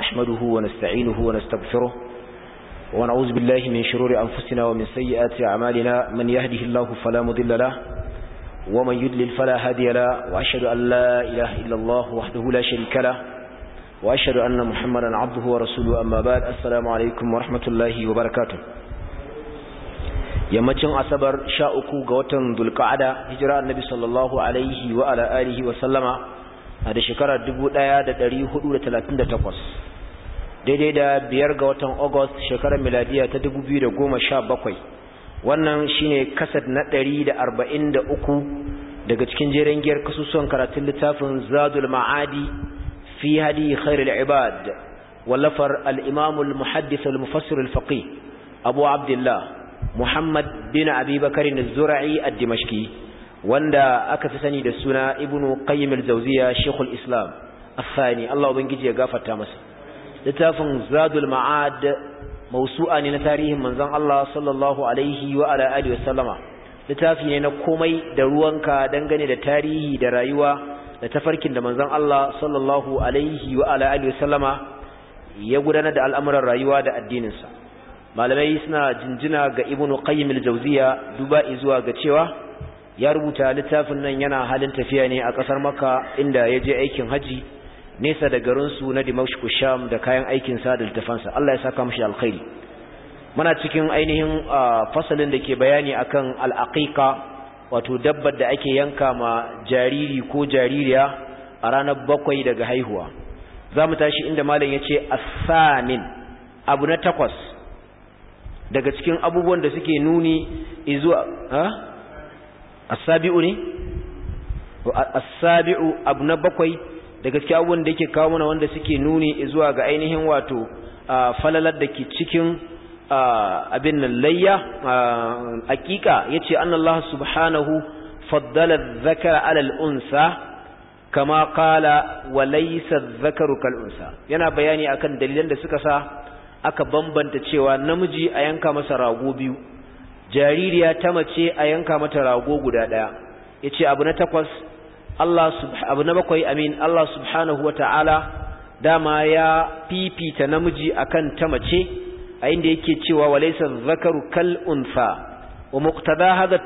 نحمده ونستعينه ونستغفره ونعوذ بالله من شرور أنفسنا ومن سيئات أعمالنا من يهده الله فلا مضل له ومن يدلل فلا هادي له وأشهد أن لا إله إلا الله وحده لا شريك له وأشهد أن محمدا عبده ورسوله أما بعد السلام عليكم ورحمة الله وبركاته yammacin asabar sha uku ga watan dulka'ada hijira annabi sallallahu alaihi wa ala alihi wa sallama a da da 1438 daidai da biyar ga watan august shekarar miladiya ta 2017 wannan shine kasad na 143 daga cikin jeren giyar kasusuwan karatun littafin zadul ma'adi fi hadi khairul ibad wallafar al-imam al-muhaddith al-mufassir al-faqih abu abdullah muhammad bin abi bakr az-zura'i ad-dimashqi wanda aka fi sani da suna ibnu qayyim al-jawziya shaykhul islam afani Allah ubangiji ya gafarta masa littafin zadul ma'ad mawsu'a ne na tarihin manzon Allah sallallahu alaihi wa ala alihi wasallama littafi ne na komai da ruwanka dangane da tarihi da rayuwa da tafarkin da manzon Allah sallallahu alaihi wa ala alihi wasallama ya gudanar da al'amuran rayuwa da addininsa malamai suna jinjina ga ibnu qayyim al-jawziya duba zuwa ga cewa ya rubuta littafin nan yana halin tafiya ne a kasar makka inda ya je aikin haji nesa da garinsu na dimashku sham da kayan aikin sa da littafansa allah ya saka mashi alkhairi muna cikin ainihin fasalin da ke bayani akan al'aƙiƙa wato dabbar da ake yanka ma jariri ko jaririya a ranar bakwai daga haihuwa za mu tashi inda malam ya ce asamin abu na takwas daga cikin abubuwan da suke nuni izuwa asabi'u ne asabi'u abu na bakwai da gaske abubuwan da yake kawo mana wanda suke nuni zuwa ga ainihin wato falalar da ke cikin abin nan layya hakika yace annallahu subhanahu faddala dhakara ala al-unsa kama qala wa laysa kal'unsa. dhakaru kal-unsa yana bayani akan dalilan da suka sa aka bambanta cewa namiji a yanka masa rago biyu jaririya ta mace a yanka mata rago guda ɗaya yace abu na takwas Allah abu na bakwai amin Allah subhanahu wata'ala dama ya fifita namiji akan ta mace a inda yake cewa walaysa dhakaru kal Unsa. wa muqtada hada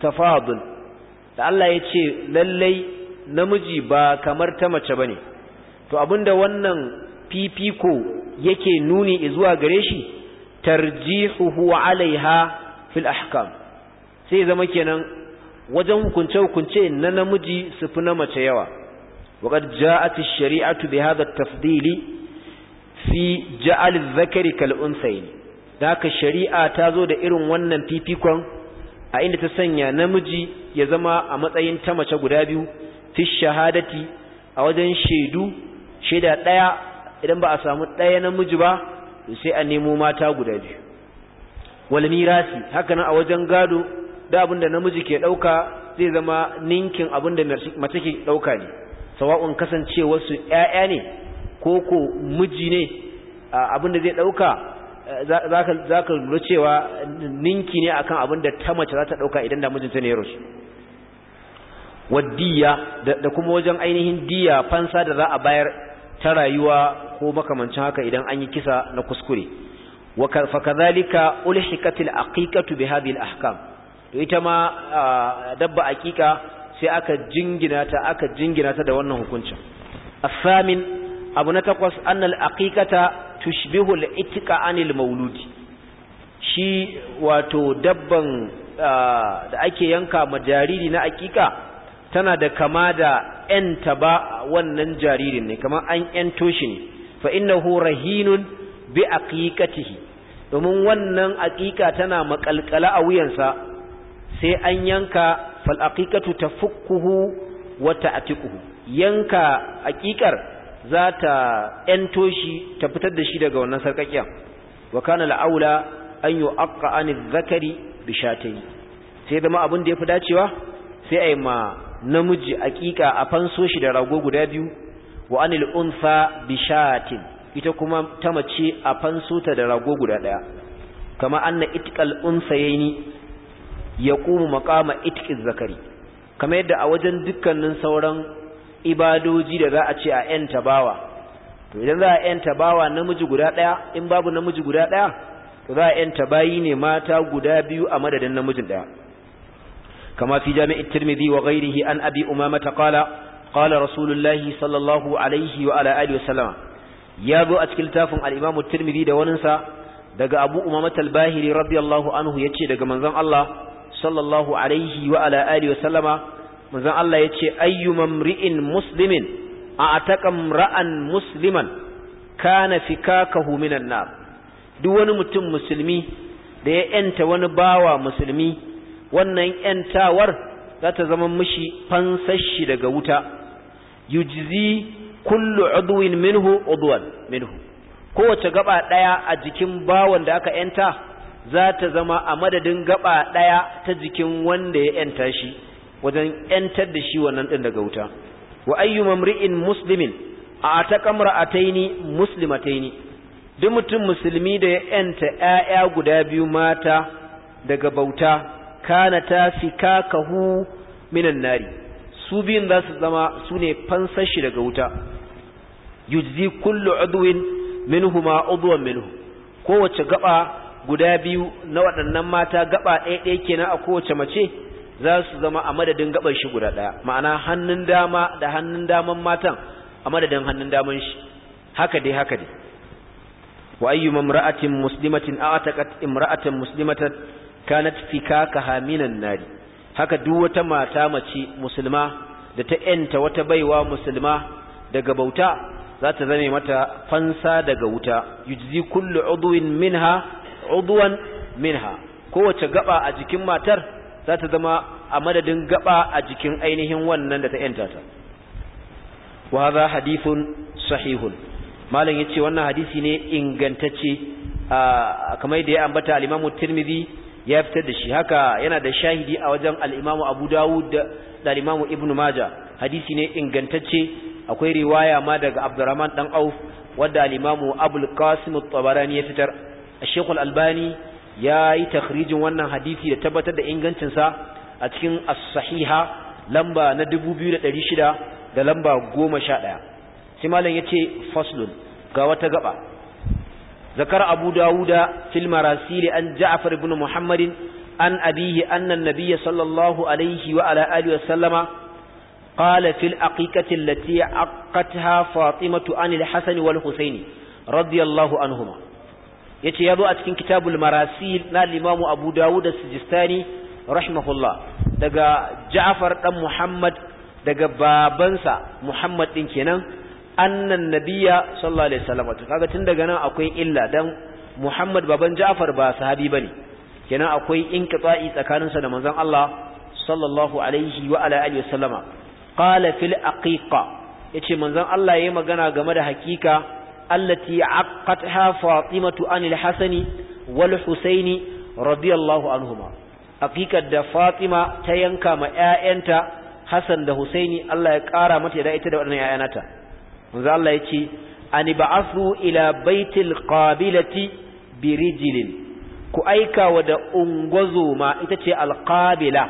tafadul da Allah yace lallai namiji ba kamar ta mace bane to abinda wannan fifiko yake nuni zuwa gare shi tarjihuhu alaiha fil ahkam sai zama kenan wajen hukunce hukunce na namiji su fi na mace yawa ash-shari'atu bi hadha at tafdili fi ja'al zakari kal unthayn daka shari'a ta zo da irin wannan fifikon a inda ta sanya namiji ya zama a matsayin ta mace guda biyu fi shahadati a wajen shaidu shaida daya idan ba a samu daya namiji ba sai a nemo mata guda biyu wal mirasi hakanan a wajen gado da abinda namiji ke dauka zai zama ninkin abinda mace ke dauka ne sawa'un kasancewar su ƴaƴa ne ko ko miji ne abinda zai dauka eh, zaka zaka lura cewa ninki ne akan abinda ta mace za ta dauka idan da ta ne ya waddiya da kuma wajen ainihin diya fansa da za a bayar ta rayuwa ko makamancin haka idan an yi kisa na kuskure fakazalika ulhikatil aqiqatu bi hadhihi al-ahkam to ita ma dabba aqiqa sai aka jingina ta aka jingina ta da wannan hukuncin asamin abu na takwas annal aqiqata tushbihu al-itqa anil mauludi shi wato dabban da ake yanka ma jariri na aqiqa tana da kama da yanta ba wannan jaririn ne kamar an toshin shi ne fa innahu rahinun bi aqiqatihi domin wannan aqiqa tana makalkala a wuyansa sai an yanka fal aqiqatu tafukkuhu wa ta'tiquhu yanka aqiqar za ta ento shi ta fitar da shi daga wannan sarkakiyan wa kana aula an yu'aqqa anil zakari bi shatayi sai zama abin da yafi dacewa sai ai ma namiji aqiqa a fanso shi da rago guda biyu wa anil unsa bishatin ita kuma ta mace a fansuta da rago guda ɗaya. kama anna itqal unsayni yaqumu maqama itqiz zakari kama yadda a wajen dukkanin sauran ibadoji da za a ce a yan tabawa to idan za a yan tabawa namiji guda daya in babu namiji guda daya to za a yan tabayi ne mata guda biyu a madadin namijin ɗaya. kama fi jami'at tirmidhi wa ghairihi an abi umama qala qala rasulullahi sallallahu alaihi wa ala alihi wa sallama ya zo a cikin littafin alimamu imam da waninsa daga Abu Umamah al-Bahili radiyallahu anhu yace daga manzan Allah sallallahu alaihi wa ala wa sallama manzon Allah yace ayyu mamri'in muslimin a'taqam ra'an musliman kana fikakahu minan nar duk wani mutum musulmi da ya yanta wani bawa musulmi wannan yantawar za ta zama mishi fansashi daga wuta yujzi kullu udwin minhu udwan minhu kowace gaba daya a jikin bawon da aka yanta za ta zama a madadin gaba daya ta jikin wanda ya yanta shi wajen yantar da shi wannan din daga wuta wa ayyu mamri'in muslimin a ta kamra ataini muslimataini duk mutum musulmi da ya yanta ƴaƴa guda biyu mata daga bauta kana ta ka kahu minan nari su biyun za su zama su ne fansar shi daga wuta yuzi kullu udwin minhuma udwan minhu kowace gaba guda biyu na waɗannan mata gaba ɗaya ɗaya kenan a kowace mace za su zama a madadin gaban shi guda ɗaya ma'ana hannun dama da hannun daman matan a madadin hannun daman shi haka dai haka dai wa ayyu mamra'atin muslimatin a'taqat imra'atan muslimatan kanat fikaka haminan nari haka duk wata mata mace musulma da ta yanta wata baiwa musulma daga bauta za ta zame mata fansa daga wuta yujzi kullu udwin minha udwan minha kowace gaba a jikin matar za ta zama a madadin gaba a jikin ainihin wannan da ta yanta ta wa hadha hadithun sahihun malam yace wannan hadisi ne ingantacce kamar da ya ambata al-Imam Tirmidhi ya fitar da shi haka yana da shahidi a wajen al'imamu Abu Dawud da al’imamu Ibn Maja hadisi ne ingantacce akwai riwaya ma daga Abdurrahman dan Auf wadda al’imamu imam Abul tabarani ya fitar A shekul albani ya yi takhrijin wannan hadisi da tabbatar da ingancinsa a cikin as-sahiha lamba na 2600 da lamba 11 sai malam yace faslun ga wata gaɓa. ذكر أبو داود في المراسيل أن جعفر بن محمد أن أبيه أن النبي صلى الله عليه وعلى آله وسلم قال في الأقيقة التي عقتها فاطمة عن الحسن والحسين رضي الله عنهما yace yazo a cikin kitabul marasil na limamu Abu Dawud as-Sijistani rahimahullah daga Ja'far dan Muhammad daga babansa Muhammad din kenan annan nabiya sallallahu alaihi wasallam to kaga tun daga nan akwai illa dan Muhammad baban Ja'far ba sahabi bane kenan akwai inqita'i tsakaninsa da manzon Allah sallallahu alaihi wa ala alihi wasallama qala fil aqiqa yace manzon Allah yayi magana game da hakika allati aqqatha fatimatu anil hasani wal husaini radiyallahu anhuma aqiqar da fatima ta yanka ma ƴaƴanta Hassan da Husaini Allah ya kara mata da ita da waɗannan ƴaƴanata manzo Allah yake ani ba'athu ila baitil qabilati birijlin ku aika wa da ungozoma ita ce alqabila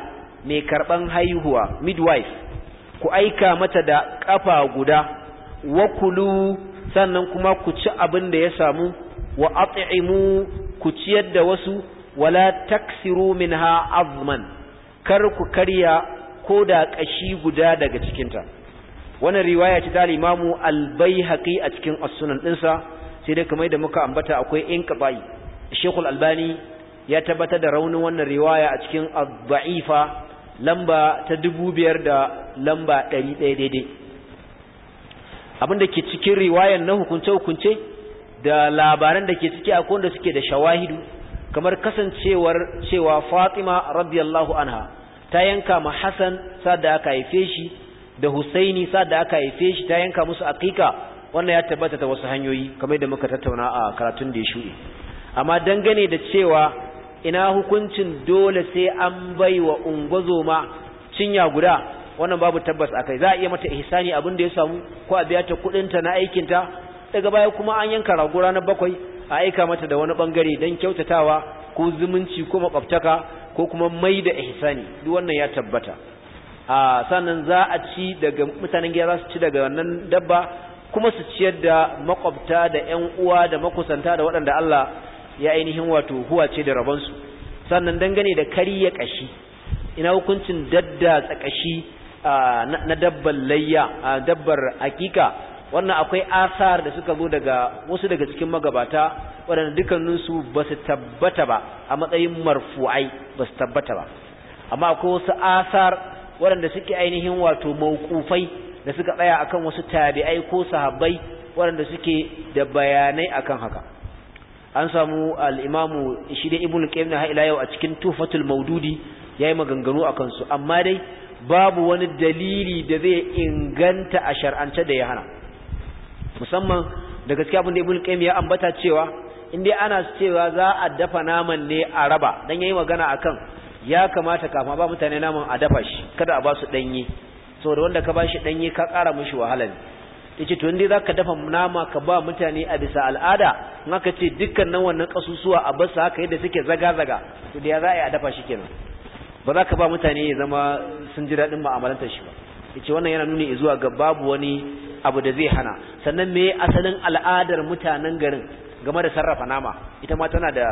mai karban haihuwa midwife ku aika mata da kafa guda wa kulu sannan kuma ku ci abin da ya samu wa at'imu ku ciyar da wasu wala taksiru minha azman kar ku karya ko da kashi guda daga cikinta wannan riwaya ce ta al-Imam al-Baihaqi a cikin as-Sunan dinsa sai dai kamar da muka ambata akwai inqita'i Sheikh al-Albani ya tabbatar da raunin wannan riwaya a cikin ad-da'ifa lamba ta 2500 da lamba 100 daidai abinda ke cikin riwayar na hukunce hukunce da labaran da ke ciki akwai wanda suke da shawahidu kamar kasancewar cewa Fatima radiyallahu anha ta yanka ma Hassan sadaka aka haife shi da Husaini sa da aka haife shi ta yanka musu aqiqa wannan ya tabbata ta wasu hanyoyi kamar da muka tattauna a karatun da ya shuɗe amma dangane da cewa ina hukuncin dole sai an baiwa ungozoma cinya guda wannan babu tabbas akai za a iya mata ihsani abin da ya samu ko a biya ta kudin ta na aikin ta daga baya kuma an yanka ragura na bakwai a aika mata da wani bangare dan kyautatawa ko zumunci ko makwabtaka ko kuma mai da ihsani duk wannan ya tabbata a ah, sannan za a ci daga mutanen gida za su ci daga wannan dabba kuma su ciyar da makwabta da ƴan uwa da makusanta da waɗanda Allah ya ainihin wato huwa ce da rabonsu sannan dangane da kariya kashi ina hukuncin dadda tsakashi ah, na dabbar layya a ah, dabbar hakika wannan akwai asar da suka zo daga wasu daga cikin magabata waɗanda dukkaninsu ba su tabbata ba a matsayin marfu'ai ba su tabbata ba amma akwai wasu asar waɗanda suke ainihin wato mawqufai da suka tsaya akan wasu tabi'ai ko sahabbai waɗanda suke da bayanai akan haka an samu al'imamu imamu shi da ibnu qayyim na ila yau a cikin tufatul maududi yayi maganganu akan su amma dai babu wani dalili da zai inganta a shar'ance da ya hana musamman da gaske abin da qayyim ya ambata cewa in dai ana cewa za a dafa naman ne a raba dan yi magana akan ya kamata kafin ba mutane naman a dafa shi kada a ba su danye saboda wanda ka ba shi danyi ka ƙara mushi wahala ne yace to indai zaka dafa nama ka ba mutane a bisa al'ada in aka ce dukkanin wannan kasusuwa a bar su haka yadda suke zaga zaga to da ya za a dafa shi kenan ba za ka ba mutane ya zama sun ji daɗin mu'amalantar shi ba yace wannan yana nuni zuwa ga babu wani abu da zai hana sannan me asalin al'adar mutanen garin game da sarrafa nama ita ma tana da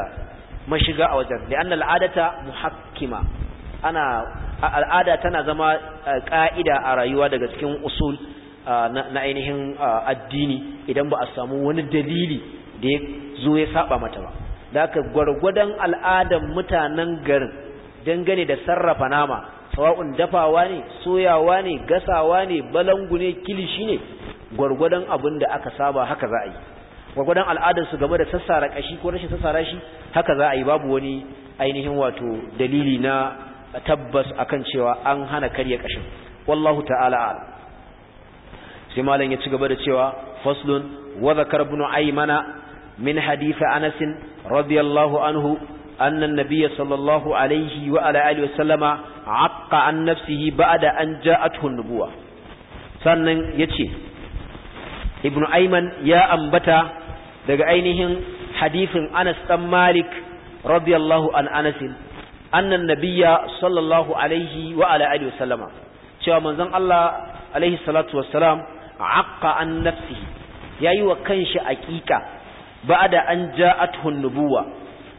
mashiga a wajen annal adata muhakkima ana al'ada tana zama ka'ida eh, a rayuwa daga cikin usul eh, na ainihin eh, addini idan ba a samu wani dalili da ya zo ya saba mata ba da aka gwargwadon al'adar mutanen garin dangane da sarrafa nama sawa'un dafawa ne soyawa ne gasawa ne balangu ne kilishi ne gwargwadon abin da aka saba haka za a yi gwargwadon al'adarsu game da sassara kashi ko rashin sassara shi haka za a yi babu wani ainihin wato dalili na tabbas akan cewa an hana karya kashin wallahu ta'ala sai malam ya ci gaba da cewa faslun wa zakar ibn aymana min hadith anas radiyallahu anhu anna an-nabiy sallallahu alayhi wa ala alihi wa sallama aqqa an nafsihi ba'da an ja'athu an-nubuwah sannan yace ibn ayman ya ambata daga ainihin hadisin Anas dan Malik radiyallahu an Anas annan nabiyya sallallahu alaihi wa ala alihi wasallama cewa manzon Allah alaihi salatu wassalam aqqa an nafsihi yayi wa kanshi aqiqa ba'da an ja'athu nubuwa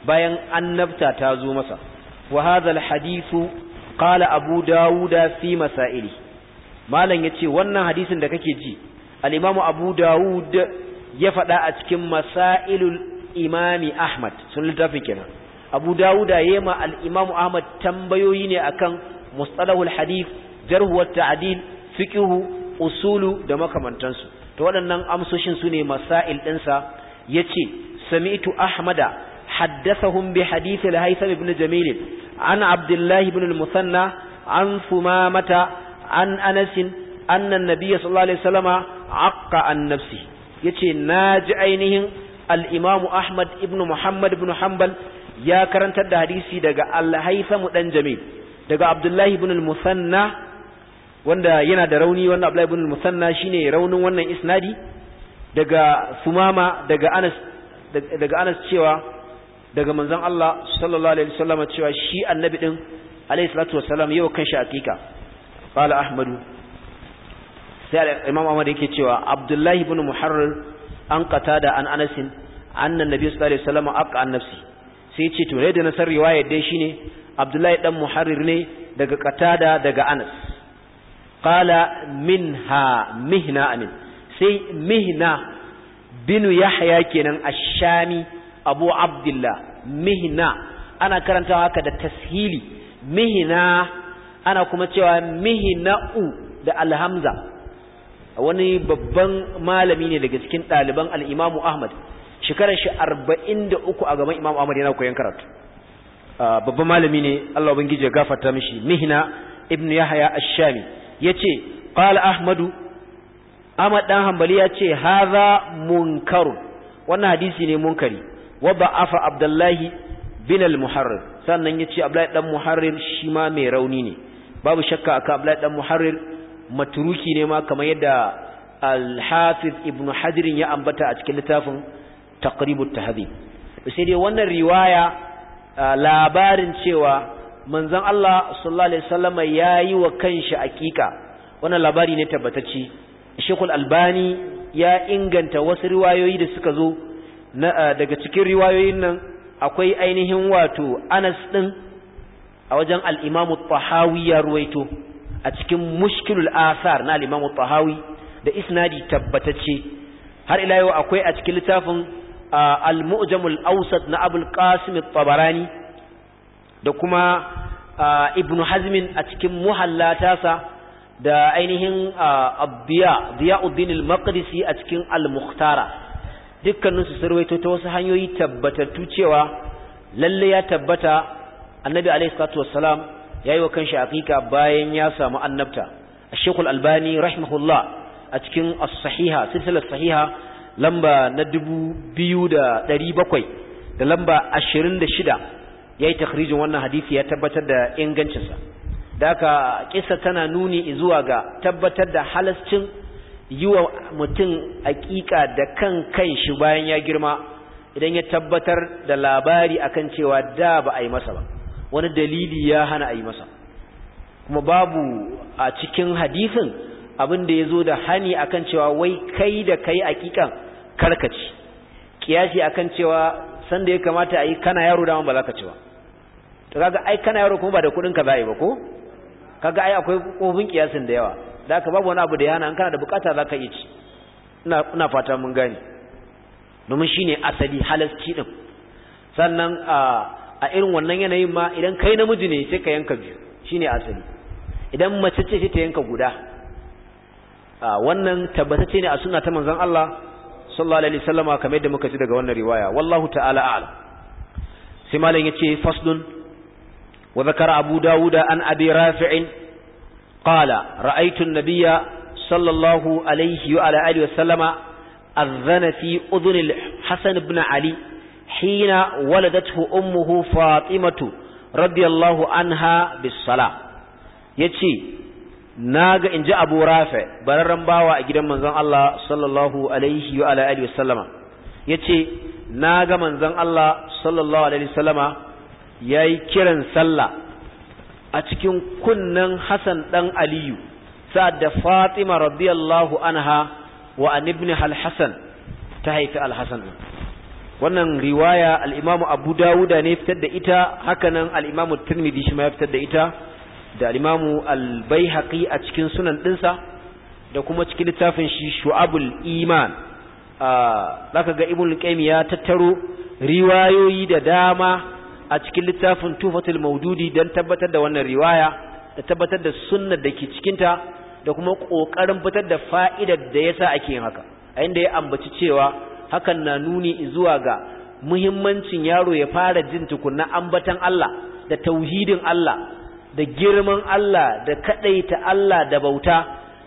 bayan annabta ta zo masa wa hadha alhadithu qala abu dawuda fi masaili malam yace wannan hadisin da kake ji al-imamu abu dawud ya faɗa a cikin masailul imami ahmad sun littafin kenan abu dawuda ya ma al'imamu ahmad tambayoyi ne akan mustalahul hadith jarhuwar wa ta'dil usulu da makamantansu Ta waɗannan amsoshin su ne masail ɗinsa ya ce, sami'tu ahmada haddasa bi hadith al ibn jamil an Abdullahi ibn al-musanna an sumamata an anasin, anna an sallallahu alaihi wasallama aqqa an nafsihi yace na ji ainihin al-Imam Ahmad ibn Muhammad ibn Hanbal ya karantar da hadisi daga Al-Haytham dan Jamil daga Abdullahi ibn al-Musanna wanda yana da rauni wanda Abdullahi ibn al-Musanna shine raunin wannan isnadi daga Sumama daga Anas daga Anas cewa daga manzon Allah sallallahu alaihi wasallam cewa shi annabi din alaihi salatu wasallam yau kan shi hakika qala Ahmadu sai imam ahmad yake cewa abdullahi ibn muharrir an da an anas annan nabi sallallahu alaihi wasallam aqa an nafsi sai ya ce to ne da nasar riwayar dai shine abdullahi dan muharrir ne daga qatada daga anas qala minha mihna amin sai mihna bin yahya kenan ashami abu abdullah mihna ana karanta haka da tashili mihna ana kuma cewa u da alhamza wani babban malami ne daga cikin ɗaliban al'imamu ahmad shekarar shi arba'in da uku a gaban imamu ahmad yana koyon karatu ah, babban malami ne allah ubangiji ya gafarta mishi Mihina ibnu yahaya ashami ya ce qala ahmadu ahmad ɗan Hambali ya ce haza munkaru wannan hadisi ne munkari wa Afa abdullahi bin al-muharrir sannan ya ce abdullahi dan muharrir shi ma mai rauni ne babu shakka akan abdullahi Ɗan muharrir maturuki ne ma kamar yadda al-hafiz ibn hajar ya ambata a cikin littafin taqribut tahdhib sai dai wannan riwaya labarin cewa manzon Allah sallallahu alaihi wasallama yayi wa kanshi hakika. wannan labari ne tabbatacce al Albani ya inganta wasu riwayoyi da suka zo daga cikin riwayoyin nan akwai ainihin wato Anas din a wajen al-Imam Tahawi ya ruwaito a cikin mushkilul asar na limamu tahawi da isnadi tabbatacce har ila yau akwai a cikin littafin al-mu'jamul awsat na abul qasim tabarani da kuma ibnu hazmin a cikin muhallatasa da ainihin abdiya diyauddin al-maqdisi a cikin al-mukhtara dukkanin su sarwaito ta wasu hanyoyi tabbatattu cewa lalle ya tabbata annabi alaihi salatu wassalam ya yi wa kanshi hakika bayan ya samu annabta a shekul Albani rahimahullah a cikin as-sahiha silsilar sahiha lamba na dubu biyu da bakwai da lamba ashirin da shida ya yi takhrijin wannan hadisi ya tabbatar da ingancinsa da aka kisa tana nuni zuwa ga tabbatar da halascin yi wa mutum hakika da kan kanshi bayan ya girma idan ya tabbatar da labari akan cewa da ba a yi masa ba wani dalili ya hana a yi masa kuma babu a cikin hadisin abin da ya zo da hani akan cewa wai kai da kai akikan karkaci kiyashi akan cewa sanda ya kamata a yi kana yaro dama ba za ka ci ba to kaga ai kana yaro kuma ba da kudin ka za ba ko kaga ai akwai kofin kiyasin da yawa da haka babu wani abu da ya hana an kana da bukata za ka iya ci ina fata mun gane domin shine asali halasci din sannan a ah, a irin wannan yanayin ma idan kai namiji ne sai ka yanka biyu shine asali idan mace ce sai ta yanka guda wannan tabbatacce ne a sunna ta manzon Allah sallallahu alaihi wasallama kamar yadda muka ji daga wannan riwaya wallahu ta'ala a'lam sai malam yace fasdun wa zakara abu Da'uda an abi rafi'in qala ra'aytu an-nabiyya sallallahu alaihi wa ala alihi wasallama adhana fi udhun al-hasan ibn ali hina waladathu ummuhu fatimatu radiyallahu anha bis-sala yace naga inji Abu Rafi bararran bawa a gidan manzon Allah sallallahu alaihi wa ala alihi wasallama yace naga manzon Allah sallallahu alaihi wasallama yayi kiran sallah a cikin kunnen Hassan dan Aliyu sa'ad da Fatima radiyallahu anha wa an'ibni ibn ta haifi al wannan riwaya al-Imam Abu Dawuda ne fitar da ita hakanan al-Imam Tirmidhi shi ma ya fitar da ita da al-Imam al a cikin sunan dinsa da kuma cikin littafin shi Shu'abul Iman zaka ga Ibn Qayyim ya tattaro riwayoyi da dama a cikin littafin Tufatul Mawdudi dan tabbatar da wannan riwaya da tabbatar da sunnar da ke cikin ta da kuma kokarin fitar da fa'idar da yasa ake yin haka a inda ya ambaci cewa hakan na nuni zuwa ga muhimmancin yaro ya fara jin tukunna ambatan Allah da tauhidin Allah da girman Allah da kadaita Allah da bauta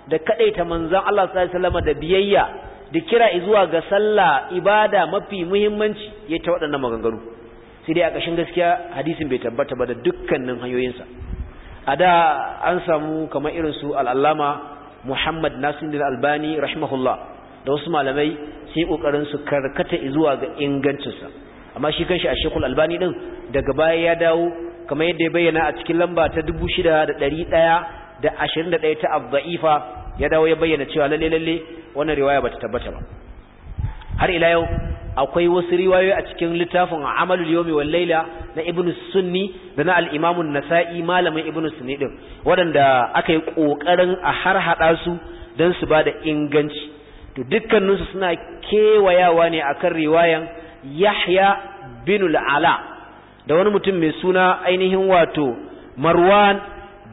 da kadaita manzon Allah sallallahu alaihi wasallam da biyayya da kira zuwa ga sallah ibada mafi muhimmanci ya ta waɗannan maganganu sai dai a kashin gaskiya hadisin bai tabbata ba da dukkanin hanyoyinsa a da an samu kamar irin su al'allama muhammad nasir albani rahimahullah da wasu malamai sai kokarin su karkata zuwa ga ingancinsa amma shi kanshi a Sheikhul Albani din daga baya ya dawo kamar yadda ya bayyana a cikin lamba ta da ɗaya ta Abdaifa ya dawo ya bayyana cewa lalle lalle wannan riwaya bata tabbata ba har ila yau akwai wasu riwayoyi a cikin littafin Amalul Yawmi wal Laila na Ibn Sunni da na al-Imam an-Nasa'i malamin Ibn Sunni din waɗanda aka yi kokarin a harhaɗa su don su bada inganci to dukkaninsu suna kewayawa ne akan riwayan Yahya bin ala da wani mutum mai suna ainihin wato Marwan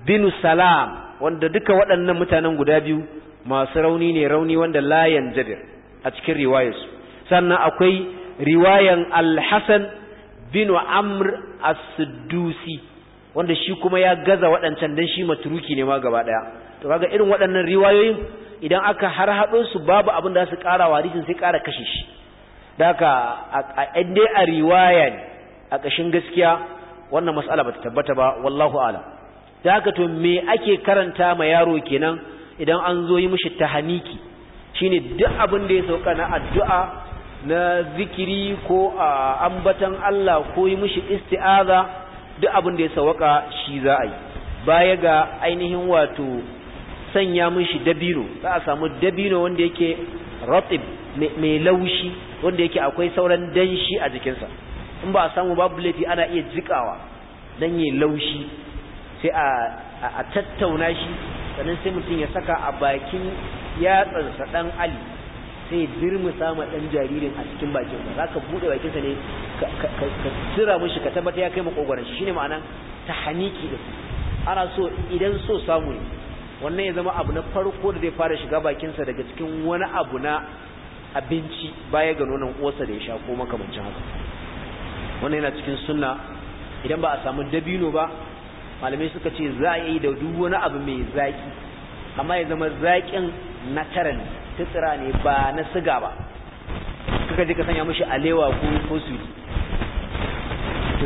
bin Salam wanda duka waɗannan mutanen guda biyu masu rauni ne rauni wanda layan jadir a cikin riwayarsu sannan akwai riwayan Alhassan binu bin Amr As-Siddusi wanda shi kuma ya gaza waɗancan don shi maturuki ne ma gaba ɗaya to kaga irin waɗannan riwayoyin idan aka har haɗo su babu abin da su ƙara wa hadisin sai ƙara kashe shi da haka a dai a riwaya ne a ƙashin gaskiya wannan matsala ba ta tabbata ba wallahu alam da haka to me ake karanta ma yaro kenan idan an zo yi mishi tahaniki shine duk abin da ya sauka na addu'a na zikiri ko a ambatan Allah ko yi mishi isti'aza duk abin da ya sauka shi za a yi baya ga ainihin wato sanya mishi dabino za a samu dabino wanda yake ratib mai laushi wanda yake akwai sauran danshi a jikinsa in ba a samu babu laifi ana iya jikawa don yi laushi sai a tattauna shi sannan sai mutum ya saka a bakin yatsansa dan ali sai dirmusa sama dan jaririn a cikin bakinsa za ka buɗe bakinsa ne ka tsira mishi ka tabbata ya kai makogoron shi ne ma'ana ta haniki da su, ana so idan so samu ne wannan ya zama abu na farko da zai fara shiga bakinsa daga cikin wani abu na abinci baya ga nonon uwarsa da ya sha ko makamancin haka wannan yana cikin sunna idan ba a samu dabino ba malamai suka ce za a yi da duk wani abu mai zaki amma ya zama zakin na tsira ne ba na siga ba kuka je ka sanya mishi alewa ko ko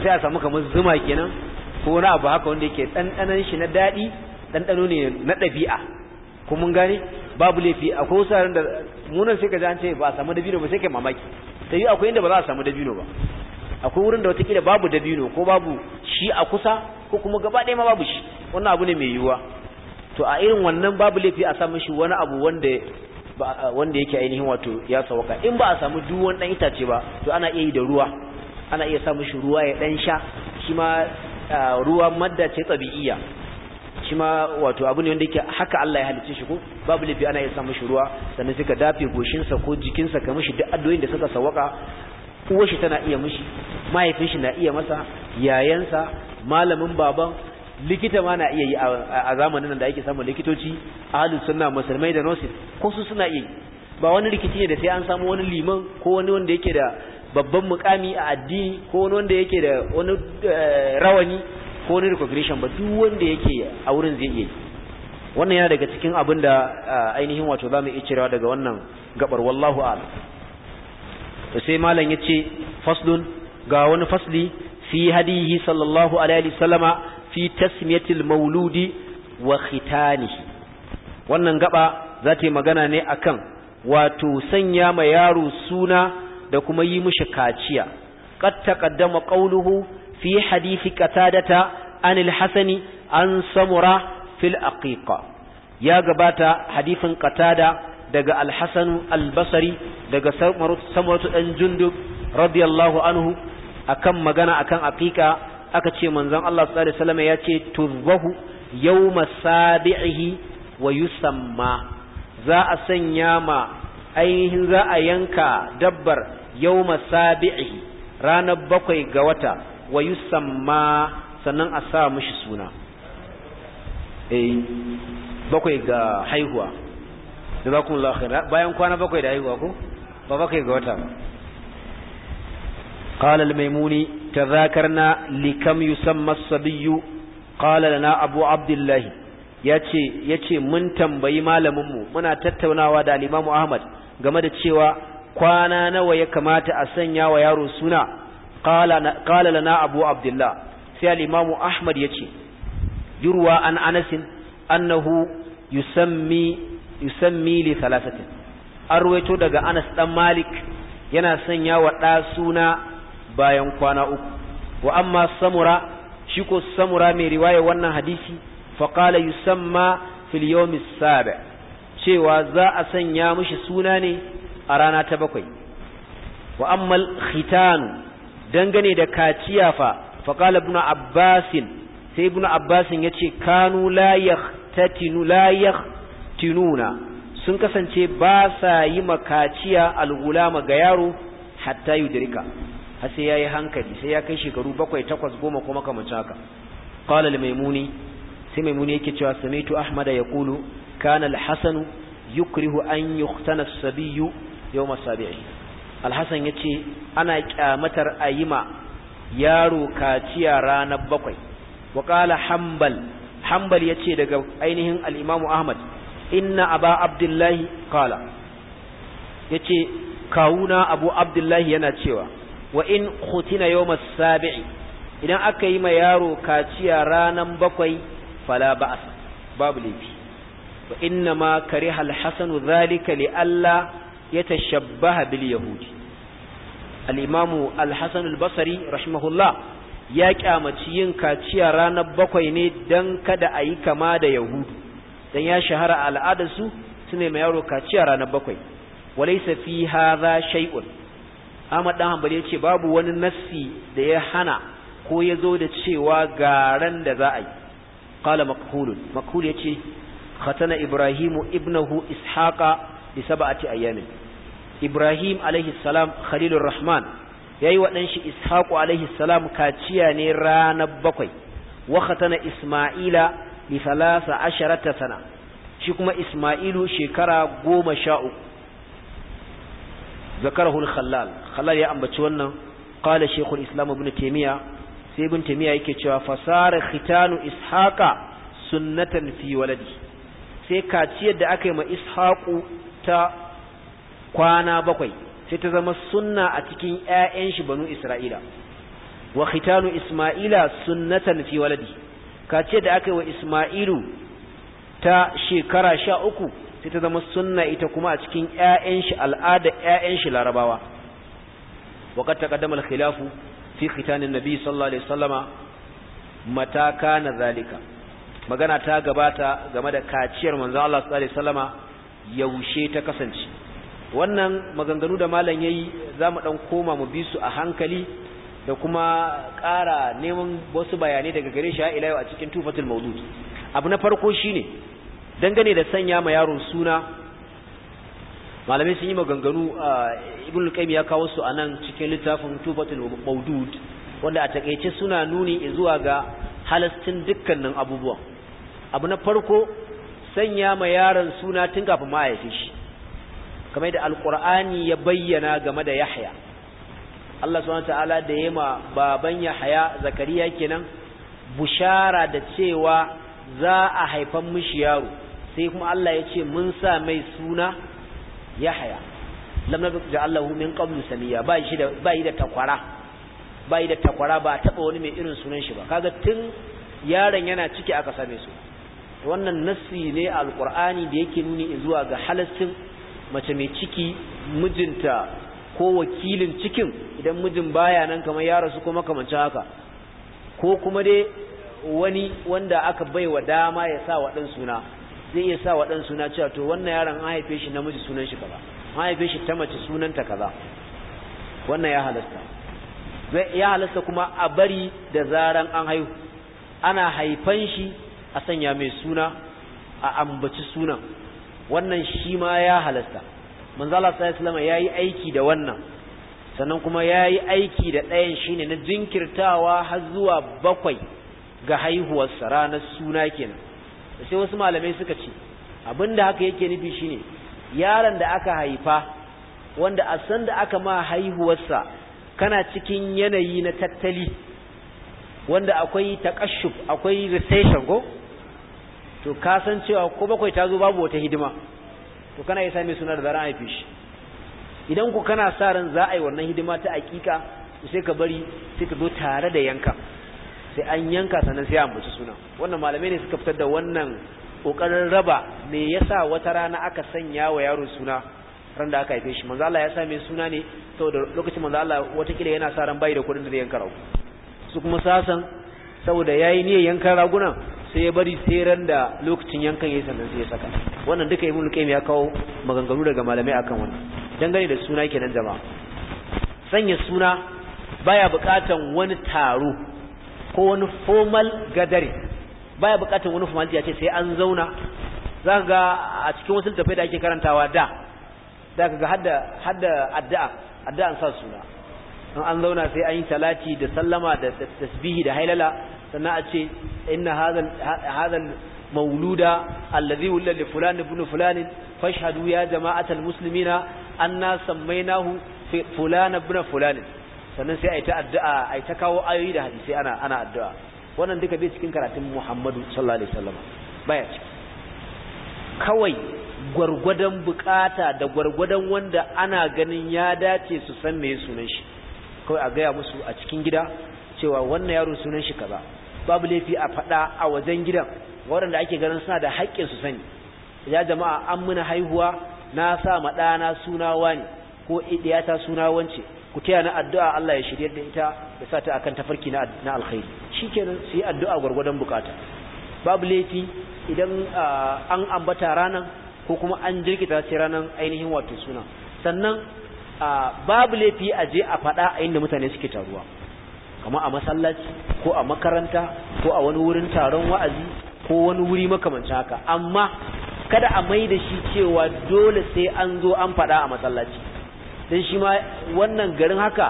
sai a samu kamar zuma kenan ko wani abu haka wanda yake ɗanɗanan shi na daɗi ɗanɗano ne na ɗabi'a ko mun gane babu laifi akwai wasu yaran da munan sai ka ji an ce ba a samu dabino ba sai kai mamaki sai yi akwai inda ba za a samu dabino ba akwai wurin da watakila babu dabino ko babu shi a kusa ko kuma gaba ɗaya ma babu shi wannan abu ne mai yiwuwa to a irin wannan babu laifi a samu shi wani abu wanda wanda yake ainihin wato ya sawaka in ba a samu duk wani dan itace ba to ana iya yi da ruwa ana iya samu shi ruwa ya dan sha shi ma ah, ruwa madda ce tsabi'iya shi ma wato abu ne wanda yake haka Allah ya halicce shi ko babu lafi ana iya sa mishi ruwa sannan suka dafe goshinsa ko jikinsa ka mishi duk addoyin da suka sawaka uwar shi tana iya mishi mahaifin shi na iya masa yayansa malamin baban likita ma na iya yi a zamanin nan da ake samun likitoci ahlus sunna musulmai da nosin. ko su suna iya ba wani rikici ne da sai an samu wani liman ko wani wanda yake da babban mukami a addini ko wani wanda yake da wani eh, rawani ko ni recognition ba duk wanda yake a wurin zai yi wannan yana daga cikin abin da ainihin wato zamu iya cirewa daga wannan gabar wallahu a'lam to sai malam yace faslun ga wani fasli fi hadihi sallallahu alaihi wasallama fi tasmiyatil mauludi wa khitanihi wannan gaba za ta yi magana ne akan wato sanya ma yaro suna da kuma yi mishi kaciya qad taqaddama qawluhu fi hadisi ƙatadata an al-hasan an samura fil aqiqa ya gabata hadisin qatada daga al albasari al-basri daga samuratu dan jundub radiyallahu anhu akan magana akan aqiqa aka ce manzon Allah sallallahu alaihi wasallam ya ce tuzbahu yawma sabihi wa yusamma za a sanya ma ainihin za a yanka dabbar yawma sabihi ranar bakwai ga wata wa yusamma sannan a sa mishi suna eh bakwai ga haihuwa da kuma khaira bayan kwana bakwai da haihuwa ko ba bakwai ga wata ba Maimuni ta تذاكرنا na يسمى الصبي قال لنا na abu Abdullahi yace ce mun tambayi malaminmu muna tattaunawa da al Ahmad game da cewa kwana nawa ya kamata a sanya wa yaro suna qala na abu abdullah sai al-imam ahmad yace yurwa an anas annahu yusammi yusammi li thalathatin arwaito daga anas ɗan malik yana sanya wa da suna bayan kwana uku wa amma samura shi ko samura mai riwaya wannan hadisi fa qala yusamma fil yawm as cewa za a sanya mashi suna ne a rana ta bakwai wa amma dangane da kaciya fa faqala ibn abbas sai ibn abbas ce kanu la tinu la tinuna sun kasance ba sa yi makaciya algulama ga yaro hatta yudrika har sai yayi hankali sai ya kai shekaru bakwai takwas goma kuma kamar haka qala al-maimuni sai maimuni yake cewa samitu ya kulu kana al-hasan yukrihu an yuhtana as-sabiyyu yawm sabii alhassan ya ce ana kyamatar a yi ma yaro kaciya ranar bakwai waƙala hambal hambal ya ce daga ainihin al'imamu ahmad inna aba abdullahi kala ya ce kawuna abu abdullahi yana cewa wa in hutina yau sabi'i idan aka yi ma yaro kaciya ranar bakwai fala ba'asa babu laifi wa inna ma kare halhassanu zalika li Allah yatashabbaha bil yahudi al-imam al-hasan al-basri rahimahullah ya ƙyamaci yin kaciya ranar bakwai ne dan kada a yi kama da yahudu dan ya shahara al'adar su sune mai yaro kaciya ranar bakwai walaysa fi hadha shay'un Ahmad dan Hanbali yace babu wani nassi da ya hana ko ya zo da cewa garan da za a yi qala maqhul maqhul yace khatana ibrahimu ibnahu ishaqa bi sab'ati ayamin Ibrahim alaihi salam Khalilur Rahman yayi wa dan shi Ishaqu alaihi salam kaciya ne ranar bakwai wa khatana Isma'ila li 13 sana shi kuma Isma'ilu shekara 13 zakarahu al Khalal, Khalal ya ambaci wannan qala Sheikhul Islam Ibn Taymiyyah sai Ibn Taymiyyah yake cewa fasara khitanu ishaka sunnatan fi waladi sai kaciyar da aka yi ma Ishaqu ta kwana bakwai sai ta zama sunna a cikin ƴaƴan shi banu Isra'ila wa khitanu Isma'ila sunnatan fi waladi Kaciyar da aka yi wa Isma'ilu ta shekara sha uku sai ta zama sunna ita kuma a cikin ƴaƴan shi al'ada ƴaƴan shi Larabawa taqaddama al الخلاف fi ختان an-nabi sallallahu alaihi wasallama mata kana zalika. magana ta gabata game da kaciyar manzo Allah sallallahu alaihi wasallama yaushe ta kasance wannan maganganu da malam yayi zamu dan koma mu bi su a hankali da kuma ƙara neman wasu bayanai daga gare shi ila yau a cikin tufatul maulud abu na farko shine dangane da sanya ma yaron suna malamai sun yi maganganu ibn qayyim ya kawo su anan cikin littafin tufatul maulud wanda a takeice suna nuni zuwa ga halastin dukkanin abubuwa abu na farko sanya ma yaron suna tun kafin ma haife shi kamar da alqur'ani ya bayyana game da yahya Allah subhanahu ta'ala da yema baban yahya zakariya kenan bushara da cewa za a haifan mishi yaro sai kuma Allah ya ce mun sa mai suna yahya lam nabja Allahu min qablu samiya ba shi da ba yi da takwara ba yi da takwara ba taba wani mai irin sunan shi ba kaga tun yaron yana ciki aka same su wannan nassi ne alqur'ani da yake nuni zuwa ga halaccin mace mai ciki mijinta ko wakilin cikin idan mijin baya nan kamar ya rasu ko makamancin haka ko kuma dai wani wanda aka bai wa dama ya sa ɗan suna zai iya sa ɗan suna cewa to wannan yaron an haife shi namiji sunan shi kaza an haife shi ta mace sunanta kaza wannan ya halasta ya halasta kuma a bari da zaran an haihu ana haifan shi a sanya mai suna a ambaci sunan wannan shi ma ya halasta manzo Allah sallallahu alaihi yayi aiki da wannan sannan kuma ya yi aiki da ɗayan shine na jinkirtawa har zuwa bakwai ga haihuwar sa ranar suna kenan sai wasu malamai suka ce abinda haka yake nufi shine yaron da aka haifa wanda a san da aka ma haihuwarsa kana cikin yanayi na tattali wanda akwai takashuf akwai recession ko to ka san cewa ko bakwai ta zo babu wata hidima to kana iya mai suna da zaran haife shi idan ku kana sa ran za a yi wannan hidima ta aƙiƙa sai ka bari sai ka zo tare da yanka sai an yanka sannan sai a ambaci suna wannan malamai ne suka fitar da wannan kokarin raba me yasa wata rana aka sanya wa yaro suna ran da aka haife shi manzo Allah ya sa mai suna ne saboda lokacin manzo Allah kila yana sa ran bai da kudin da zai yanka su kuma sasan saboda yayi niyyar yankan raguna sai ya bari sai da lokacin yankan yayi sannan sai ya saka wannan duka ibnu qayyim ya kawo maganganu daga malamai akan wannan dangane da suna kenan jama'a sanya suna baya bukatan wani taro ko wani formal gadari baya bukatan wani formality ce sai an zauna zaka ga a cikin wasu tafai da ake karantawa da zaka ga hadda hadda addu'a addu'an sa suna an zauna sai an yi salati da sallama da tasbihi da hailala sannan a ce inna hadal mauluda alladhi wulida li fulan ibn fulan fashhadu ya jama'atal muslimina anna sammaynahu fulan ibn fulan sannan sai a yi ta addu'a a yi ta kawo ayoyi da hadisai ana ana addu'a wannan duka bai cikin karatun Muhammadu sallallahu alaihi wasallam baya ciki kawai gwargwadon bukata da gwargwadon wanda ana ganin ya dace su san me sunan shi kawai a gaya musu a cikin gida cewa wannan yaro sunan shi kaza babu laifi a faɗa a wajen gidan waɗanda ake ganin suna da haƙƙin su sani ya jama'a an muna haihuwa na sa ma ɗana suna wani ko ɗiyata suna wance ku taya na addu'a Allah ya shirye da ita ya sa ta akan tafarki na alkhairi shikenan su yi addu'a gwargwadon bukata babu laifi idan an ambata ranan ko kuma an jirkita sai ranan ainihin wato suna sannan babu laifi a je a faɗa a inda mutane suke taruwa kamar a masallaci ko a makaranta ko a wani wurin taron wa'azi ko wani wuri makamancin haka amma kada a mai da shi cewa dole sai an zo an faɗa a masallaci don shi ma wannan garin haka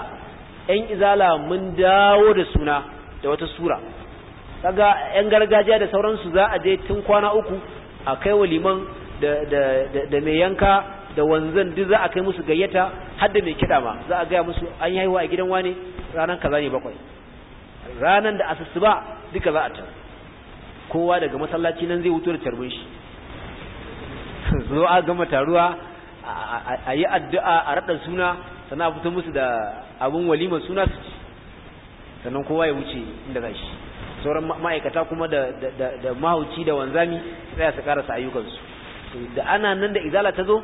'yan izala mun dawo da suna da wata sura kaga 'yan gargajiya da sauransu za a je tun kwana uku a kai wa liman da mai yanka da wanzan duk za a kai musu gayyata har da mai kiɗa ma za a gaya musu an yi haihuwa a gidan wane ranar kaza ne bakwai ranar da asusu duka za a tar kowa daga masallaci nan zai wuto da tarbin shi zo a gama taruwa a yi addu'a a raɗa suna sannan a fito musu da abin walimar suna su ci sannan kowa ya wuce inda za shi sauran ma'aikata kuma da mahauci da wanzami sai su karasa ayyukansu da ana nan da izala ta zo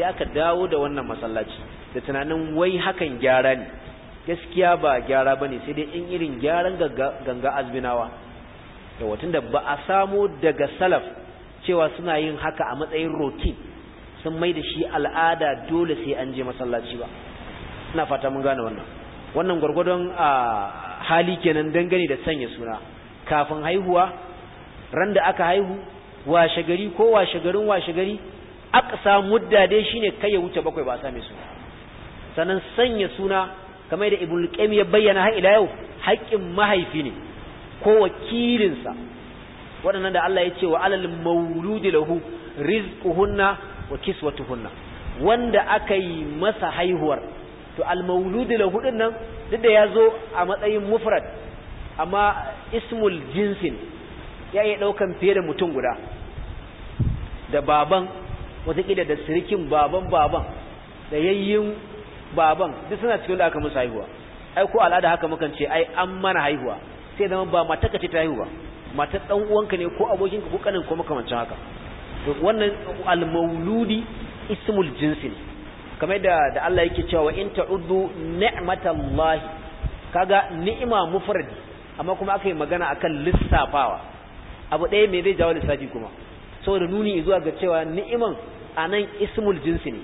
sai aka dawo da wannan masallaci da tunanin wai hakan gyara ne gaskiya ba gyara bane sai dai in irin gyaran ganga azbinawa da watan da ba a samo daga salaf cewa suna yin haka a matsayin routine sun mai da shi al'ada dole sai an je masallaci ba ina fata mun gane wannan wannan gwargwadon a hali kenan dangane da sanya suna kafin haihuwa ran da aka haihu washe gari ko washe garin washe-gari aqsa mudda dai shine kai ya wuce bakwai ba a same su sannan sanya suna kamar da ibnu qayyim ya bayyana har ila yau haƙƙin mahaifi ne ko wakilinsa waɗannan da Allah ya ce wa alal mauludi lahu rizquhunna wa kiswatuhunna wanda aka yi masa haihuwar to al mauludi lahu din nan duk da ya zo a matsayin mufrad amma ismul jinsin ya iya ɗaukan fiye mutum guda da baban wataƙila da sirikin baban baban da yayyin baban duk suna cikin da aka musu haihuwa ai ko al'ada haka mukan ce ai an mana haihuwa sai zama ba mata kace ta haihuwa mata dan uwanka ne ko abokinka ko kanin ko makamancin haka to wannan al-mauludi ismul jinsi ne kamar da da Allah yake cewa in ta'uddu ni'matallahi kaga ni'ima mufradi amma kuma aka yi magana akan lissafawa abu ɗaya me zai jawo lissafi kuma saboda nuni zuwa ga cewa ni'iman anan ismul jinsi ne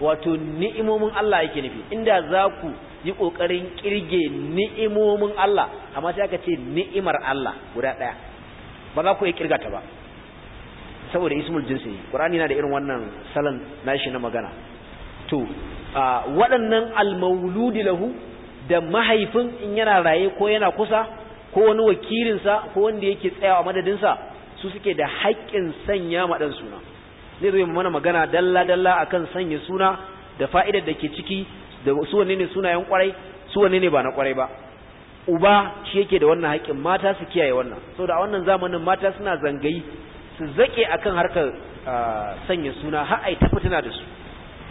wato ni'imomin Allah yake nufi inda za ku yi kokarin ƙirge ni'imomin Allah amma sai aka ce ni'imar Allah guda daya ba za ku yi kirga ta ba saboda ismul jinsi ne Qur'ani yana da irin wannan salon nashi na magana to waɗannan almauludi lahu da mahaifin in yana raye ko yana kusa ko wani wakilinsa ko wanda yake tsayawa madadinsa su suke da haƙƙin sanya ma suna zai zo mana magana dalla dalla akan sanya suna da fa'idar da ke ciki da su wanne ne sunayen kwarai su wanne ne ba na kwarai ba uba shi yake da wannan haƙƙin mata su kiyaye wannan saboda a wannan zamanin mata suna zangayi su a akan harkar sanya suna har yi tana tana da su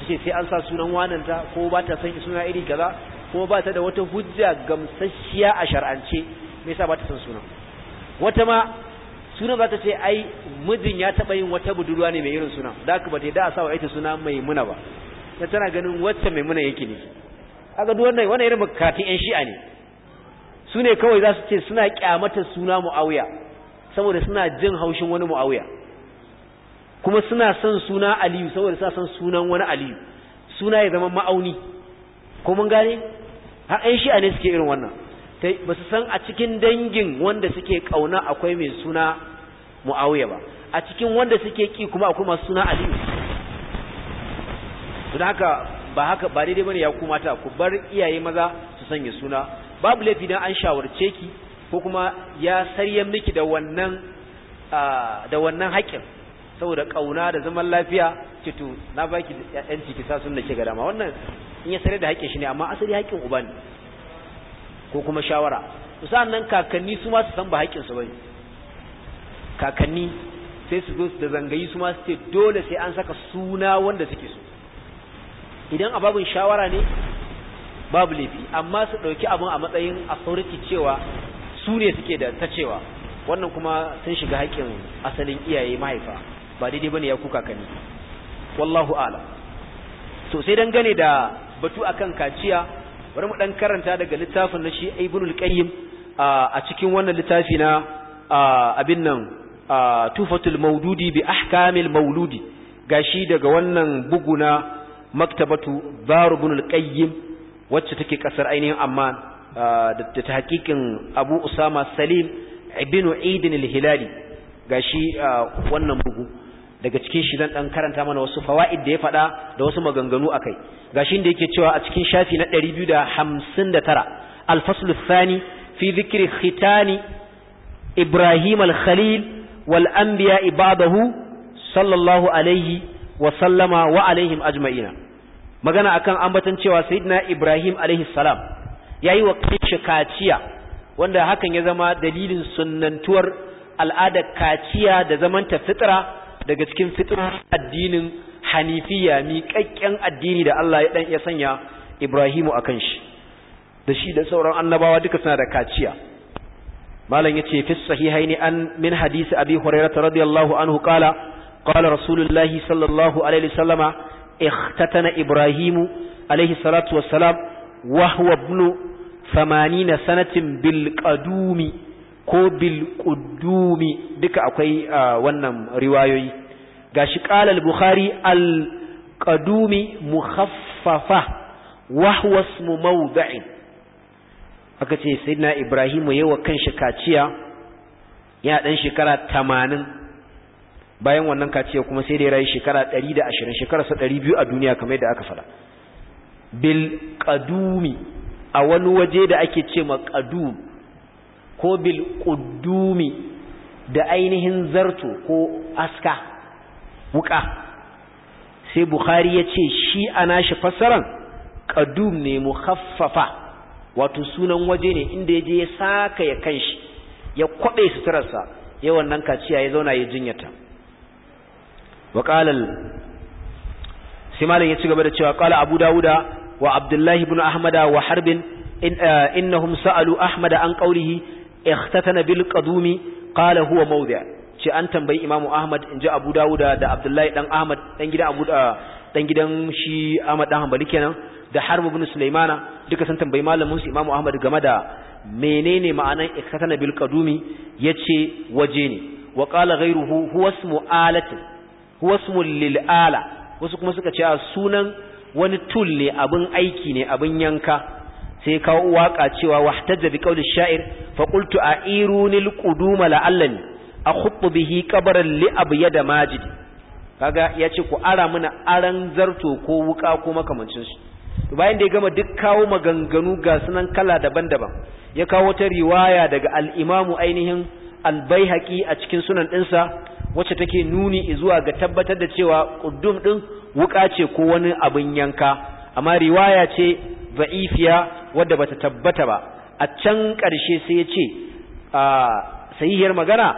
ce sai an sa sunan wananta ko ba ta sanya suna iri kaza ko ba ta da wata hujja gamsasshiya a shar'ance me yasa ba ta san suna wata ma sunan za ta ce ai mijin ya taɓa yin wata budurwa ne mai irin suna da aka ba ta da a sa wa ita suna mai muna ba ta tana ganin wacce mai muna yake ne aka duk wannan wani irin yan shi'a ne su ne kawai za su ce suna kyamata suna mu'awiya saboda suna jin haushin wani mu'awiya kuma suna son suna aliyu saboda suna son sunan wani aliyu suna ya zama ma'auni ko mun gane har yan shi'a ne suke irin wannan ba su san a cikin dangin wanda suke kauna akwai mai suna muawiya ba a cikin wanda suke ki kuma akwai masu suna aliyu don haka ba haka ba daidai bane ya kuma ta ku bar iyaye maza su sanya suna babu laifi dan an shawarce ki ko kuma ya saryan miki da wannan da wannan haƙƙin saboda kauna da zaman lafiya ki to na baki yanci ki sa sunna ke ga dama wannan in ya sare da haƙƙin shi ne amma asali haƙƙin uba ne ko kuma shawara sannan kakanni su ma su san ba haƙin su bane kakanni sai su zo da zangayi su ma su ce dole sai an saka suna wanda suke so idan a babin shawara ne babu laifi amma su ɗauki abin a matsayin authority cewa su ne suke da ta cewa wannan kuma sun shiga haƙƙin asalin iyaye mahaifa ba daidai bane ya kuka kani wallahu ala to sai dangane da batu akan kaciya bari mu dan karanta daga littafin na shi ibnul qayyim a cikin wannan littafi na abin nan tufatul Mauludi bi ahkamil mauludi gashi daga wannan bugu na maktabatu darubun alqayyim wacce take kasar ainihin amman da ta hakikin abu usama salim ibn idin al-hilali gashi wannan bugu daga cikin shi zan dan karanta mana wasu fawaid da ya fada da wasu maganganu akai gashi da yake cewa a cikin shafi na 259 al-fasl ath-thani fi dhikri khitani ibrahim al-khalil wal anbiya ibadahu sallallahu alaihi wa sallama wa alaihim ajma'ina magana akan ambatan cewa sayyidina ibrahim alaihi salam yayi wa kanshi kaciya wanda hakan ya zama dalilin sunnantuwar al'adar kaciya da zaman ta fitra daga cikin fitrar addinin hanifiya miƙaƙƙen addini da Allah ya dan ya sanya ibrahimu akan shi da shi da sauran annabawa duka suna da kaciya malam yace fi sahihaini an min hadisi abi hurairah radiyallahu anhu qala qala rasulullahi sallallahu alaihi wasallama اختتن salatu عليه الصلاة والسلام وهو ابن ثمانين سنة بالقدوم ko bilƙudumi duka akwai wannan riwayoyi gashi ƙalal bukhari alƙadumi mukhaffafa wahwa ismu mawda'in aka ce na ibrahim yawa kanshi kaciya yana dan shekara tamanin, bayan wannan kaciya kuma sai da ya rayu shekara 120 shekara sa 200 a duniya kamar yadda aka fada bil qadumi a wani waje da ake ce ma qadum ko bil qudumi da ainihin zarto ko aska wuƙa, sai bukhari ya ce shi ana shi fassaran qadum ne mukhaffafa wato sunan waje ne inda ya je ya saka ya kanshi ya kwaɓe suturarsa yawan wannan kaciya ya zauna ya jinya ta. qala sai malam ya ci gaba da cewa ƙala abu Dawuda wa abdullahi ibn ahmada wa harbin eh, innahum sa'alu ahmada an qawlihi ikhtatana bil qadumi qala huwa mawdi' ce an tambayi imamu ahmad inji abu Dawuda da abdullahi dan ahmad dan gidan abu dan eh, gidan shi ahmad dan hanbali kenan da harb ibn sulaimana duka sun tambayi malamin su imamu ahmad game da menene ma'anan ikhtana bil qadumi yace waje ne wa qala ghayruhu huwa ismu alatin huwa ismu lil ala wasu kuma suka ce sunan wani tool ne abin aiki ne abin yanka sai kawo waka cewa wahtajja bi qawli sha'ir fa qultu a'iruni al quduma la'allani akhuttu bihi qabran li abyad majid kaga yace ku ara mana aran zarto ko wuka ko makamancin su to bayan da ya gama duk kawo maganganu ga sunan kala daban-daban ya kawo ta riwaya daga al'imamu ainihin al a cikin sunan ɗinsa wacce take nuni zuwa ga tabbatar da cewa ƙuddum ɗin wuƙa ce ko wani abin yanka amma riwaya ce ba'ifiya wadda bata tabbata ba a can ƙarshe sai ya ce a sahihiyar magana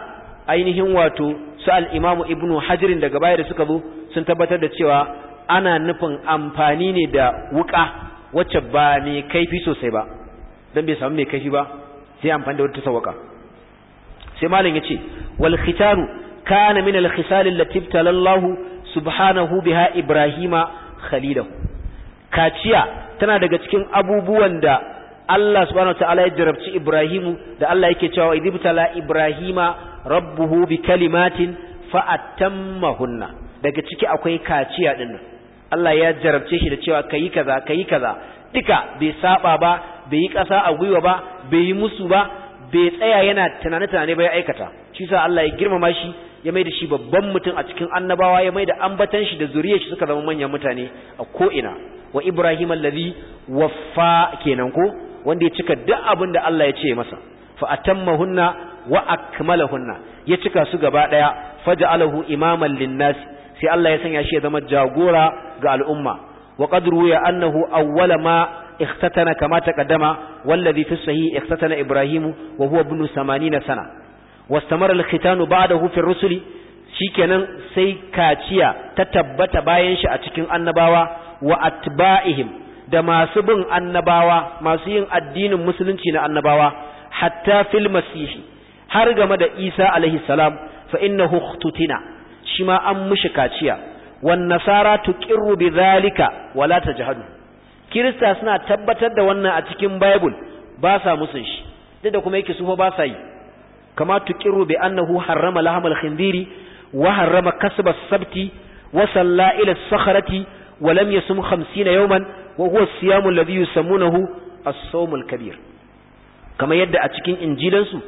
ainihin wato su al'imamu ibnu hajirin daga baya da suka zo sun tabbatar da cewa ana nufin amfani ne da wuka wacce ba mai kaifi sosai ba don bai samu mai kaifi ba sai amfani da wata sawaka sai malam ya wal khitaru kana na al khisal latif talallahu subhanahu biha ibrahima khalidahu. kaciya tana daga cikin abubuwan da Allah subhanahu ta'ala ya jarabci Ibrahimu da Allah yake cewa idibtala Ibrahima rabbuhu bi kalimatin fa atammahunna daga ciki akwai kaciya dinnan Allah ya jarabce shi da cewa kayi kaza kayi kaza duka bai saba ba bai yi ƙasa a gwiwa ba bai yi musu ba bai tsaya yana tunane tunane ba ya aikata shi sa Allah ya girmama shi ya mai da shi babban mutum a cikin annabawa ya mai da ambatan shi da zuriyar shi suka zama manyan mutane a ko ina wa Ibrahim allazi waffa kenan ko wanda ya cika duk abin da Allah ya ce masa fa atammahunna wa akmalahunna ya cika su gaba daya faja'alahu imaman linnas sai Allah ya sanya shi ya zama jagora ga al'umma wa qad ya annahu awwala ma ikhtatana kama taqaddama wallazi fi sahih ikhtatana ibrahimu wa huwa ibn 80 sana wastamara al-khitanu ba'dahu fi rusuli shikenan sai kaciya ta tabbata bayan shi a cikin annabawa wa atba'ihim da masu bin annabawa masu yin addinin musulunci na annabawa hatta fil masihi har game da Isa alaihi salam fa innahu khututina shi ma an mishi kaciya wan nasara tuqirru bidhalika wala tajhadu kirista suna tabbatar da wannan a cikin bible ba sa musun shi duk da kuma yake su ba sa yi kama tuqirru bi annahu harrama lahamal khindiri wa harrama kasba sabti wa salla ila sakhrati wa lam yasum 50 yawman wa huwa siyamu alladhi yusammunahu as-sawmul kabir kama yadda a cikin injilansu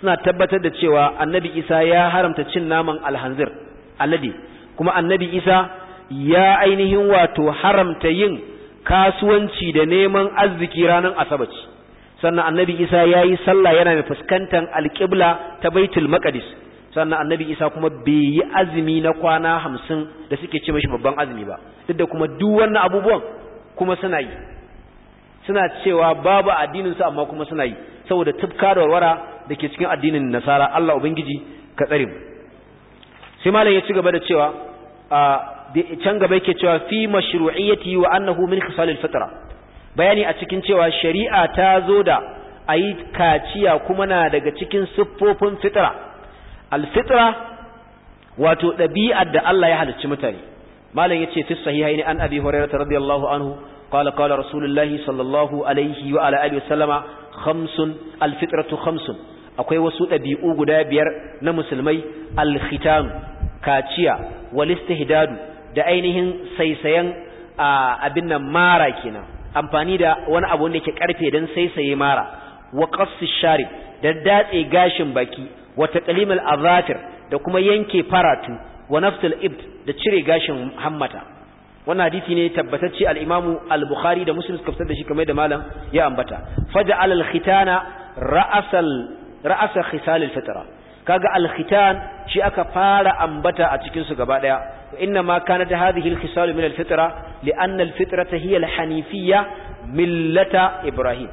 suna tabbatar da cewa annabi isa ya haramta cin naman alhanzir alade kuma annabi isa ya ainihin wato haramta yin kasuwanci da neman arziki ranar asabaci sannan annabi isa ya yi sallah yana mai fuskantar alƙibla ta baitul maqdis sannan annabi isa kuma bai yi azumi na kwana hamsin da suke ce mashi babban azumi ba duk da kuma duk wannan abubuwan kuma suna yi suna cewa babu addinin su amma kuma suna yi saboda tufka da warwara da ke cikin addinin nasara allah ubangiji ka tsare mu sai malam ya ci gaba da cewa can gaba yake cewa fi mashru'iyyati wa annahu min khisalil fitra bayani a cikin cewa shari'a ta zo da ayi kaciya kuma na daga cikin siffofin fitra al-fitra wato ɗabi'ar da Allah ya halicci mutane malam yace fi sahihaini an abi hurairah radiyallahu anhu قال قال رسول الله صلى الله عليه وعلى اله وسلم خمس الفطره خمس akwai wasu ɗabi'u guda biyar na musulmai al kaciya wal da ainihin saisayen abin nan mara kenan amfani da wani abu wanda yake karfe dan saisaye mara wa qassu sharib da datse gashin baki wa taqlimul azatir da kuma yanke faratu wa nafsul ibd da cire gashin hammata wannan hadisi ne tabbatacce al-Imam al-Bukhari da Muslim suka fitar da shi kamar da malam ya ambata faja'al al-khitana ra'asal ra'asa khisal al-fitra kaga al shi aka fara ambata a cikin su gaba daya inna ma kanat hadhihi al min alfitra fitra li'anna al-fitrata hiya hanifiyya millata ibrahim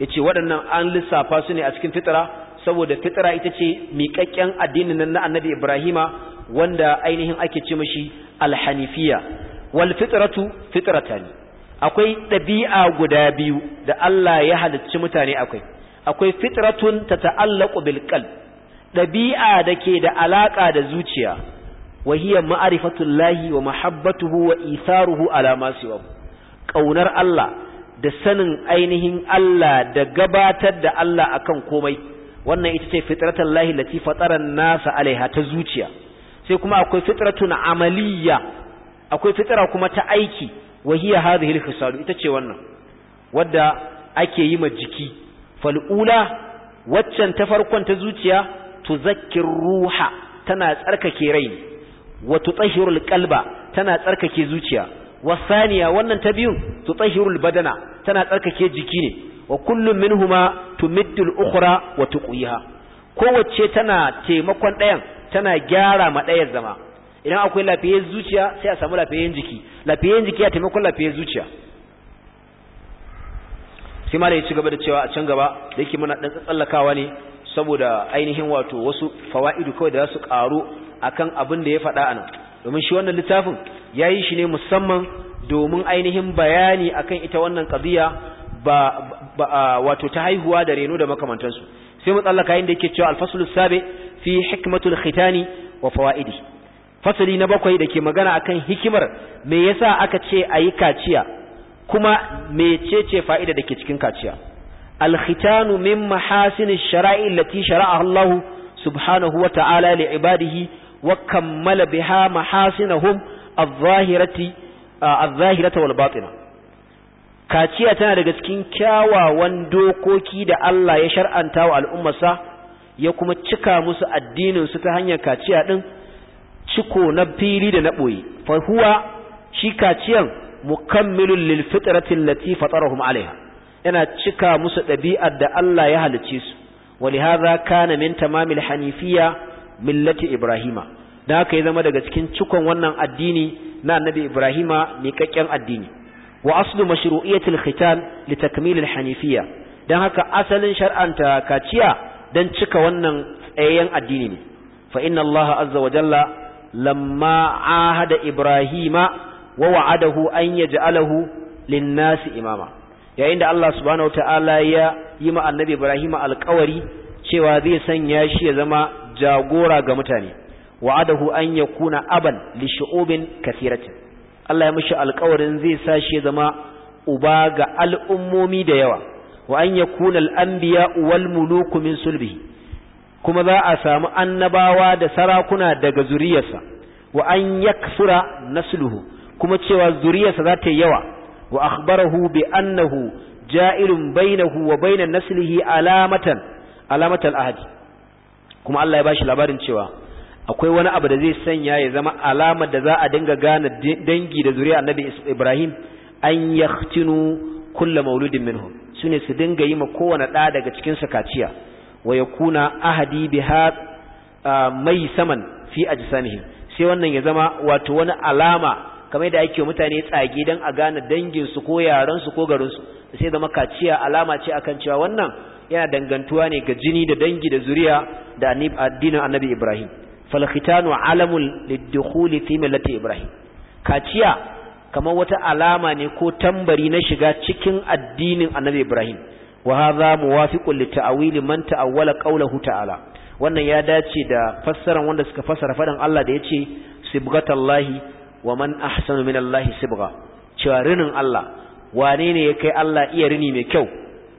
yace waɗannan an lissafa su ne a cikin fitra saboda fitra ita ce miƙaƙƙen addinin nan na annabi ibrahima wanda ainihin ake ce mashi al-hanifiyya wal fitratu fitratani akwai ɗabi'a guda biyu da Allah ya halicci mutane akwai akwai fitratun ta ta'allaku bilƙal ɗabi'a da ke da alaƙa da zuciya wa ma'arifatun lahi wa mahabbatuhu wa itharuhu ala siwa Ƙaunar Allah da sanin ainihin Allah da gabatar da Allah akan komai wannan ita ce fitratan lahi lati fataran nasa alaiha ta zuciya sai kuma akwai fitratun amaliyya akwai fitra kuma ta aiki wa hiya hadhihi ita ce wannan wadda ake yi ma jiki fal'ula waccan ta farkon ta zuciya tuzakkir ruha tana tsarkake rai watutsahirul kalba tana tsarkake zuciya wasaniya wannan ta biyun tutahhirul badana tana tsarkake jiki ne wa kullum minhuma tumiddul ukura wa tuqiha kowace tana taimakon ɗayan tana gyara ma ɗayan zama idan akwai lafiyar zuciya sai a samu lafiyayyen jiki lafiyar jiki ya taimakon lafiyar zuciya ma da ya ci gaba da cewa a can gaba da yake muna dan tsallakawa ne saboda ainihin wato wasu fawaidu kawai da su karu akan abin da ya faɗa a nan domin shi wannan littafin ya yi shi ne musamman domin ainihin bayani akan ita wannan qadiya ba, wato ta haihuwa da reno da makamantansu sai mu tsallaka inda yake cewa al-faslu sabi fi hikmatul khitani wa fawaidi fasali na bakwai da ke magana akan hikimar me yasa aka ce ayi kaciya kuma mecece fa'ida da ke cikin kaciya alkhitanu min mahasinin shara'i lati shara'a Allah subhanahu wa ta'ala li ibadihi wa kammala biha mahasinahum al dhahirati uh, zahirata wal batina kaciya tana daga cikin kyawawan dokoki da Allah ya shar'anta wa al'ummarsa ya kuma cika musu addinin su ta hanyar kaciya din ciko na fili da na ɓoye fa huwa shi kaciyan mukammilun lil fitratin lati fatarahum alaiha yana cika musu ɗabi'ar da Allah ya halicce su haza kana min تمام الحنيفية ملة إبراهيم da haka ya zama daga cikin cikon wannan addini na annabi Ibrahima miƙaƙƙen addini wa aslu mashru'iyatil khitan li takmilil hanifiyya dan haka asalin shar'anta kaciya dan cika wannan tsayayyen addini ne fa inna Allaha azza wa jalla lamma ahada Ibrahima wa wa'adahu an yaj'alahu lin-nasi imama yayin da Allah subhanahu wataala ya yi ma annabi Ibrahim alƙawari cewa zai sanya shi ya zama jagora ga mutane wa'adahu an yakuna aban li shu'ubin kathiratin Allah ya mishi alƙawarin zai sa shi ya zama uba ga al'ummomi da yawa wa an yakuna al-anbiya wal muluku min sulbihi kuma za a samu annabawa da sarakuna daga zuriyarsa wa an yaksura nasluhu kuma cewa zuriyarsa za ta yi yawa wa akhbarahu bi annahu ja'ilun bainahu wa baina naslihi alamatan alamatal ahadi kuma Allah ya bashi labarin cewa akwai wani abu da zai sanya ya zama alamar da za a dinga gane dangi da zuriya annabi Ibrahim an yaktinu kulla mauludin minhum sune su dinga yi ma kowane da daga cikin sa kaciya wa yakuna ahadi biha ah, mai saman fi ajsamihim sai wannan ya zama wato wani alama kamar da ake mutane tsage don a gane danginsu ko yarensu ko garinsu sai zama kaciya alama ce akan cewa wannan yana dangantuwa ne ga jini da dangi da zuriya da addinin annabi ibrahim falkhitanu alamul lidukhuli fi millati ibrahim kaciya kamar wata alama ne ko tambari na shiga cikin addinin annabi ibrahim wa hadha muwafiqun li ta'wili man ta'awwala qawluhu ta'ala wannan ya dace da fassaran wanda suka fassara fadan Allah da yace sibghatallahi wa man ahsanu min Allah sibgha cewa rinin Allah wane ne ya kai Allah iya rini mai kyau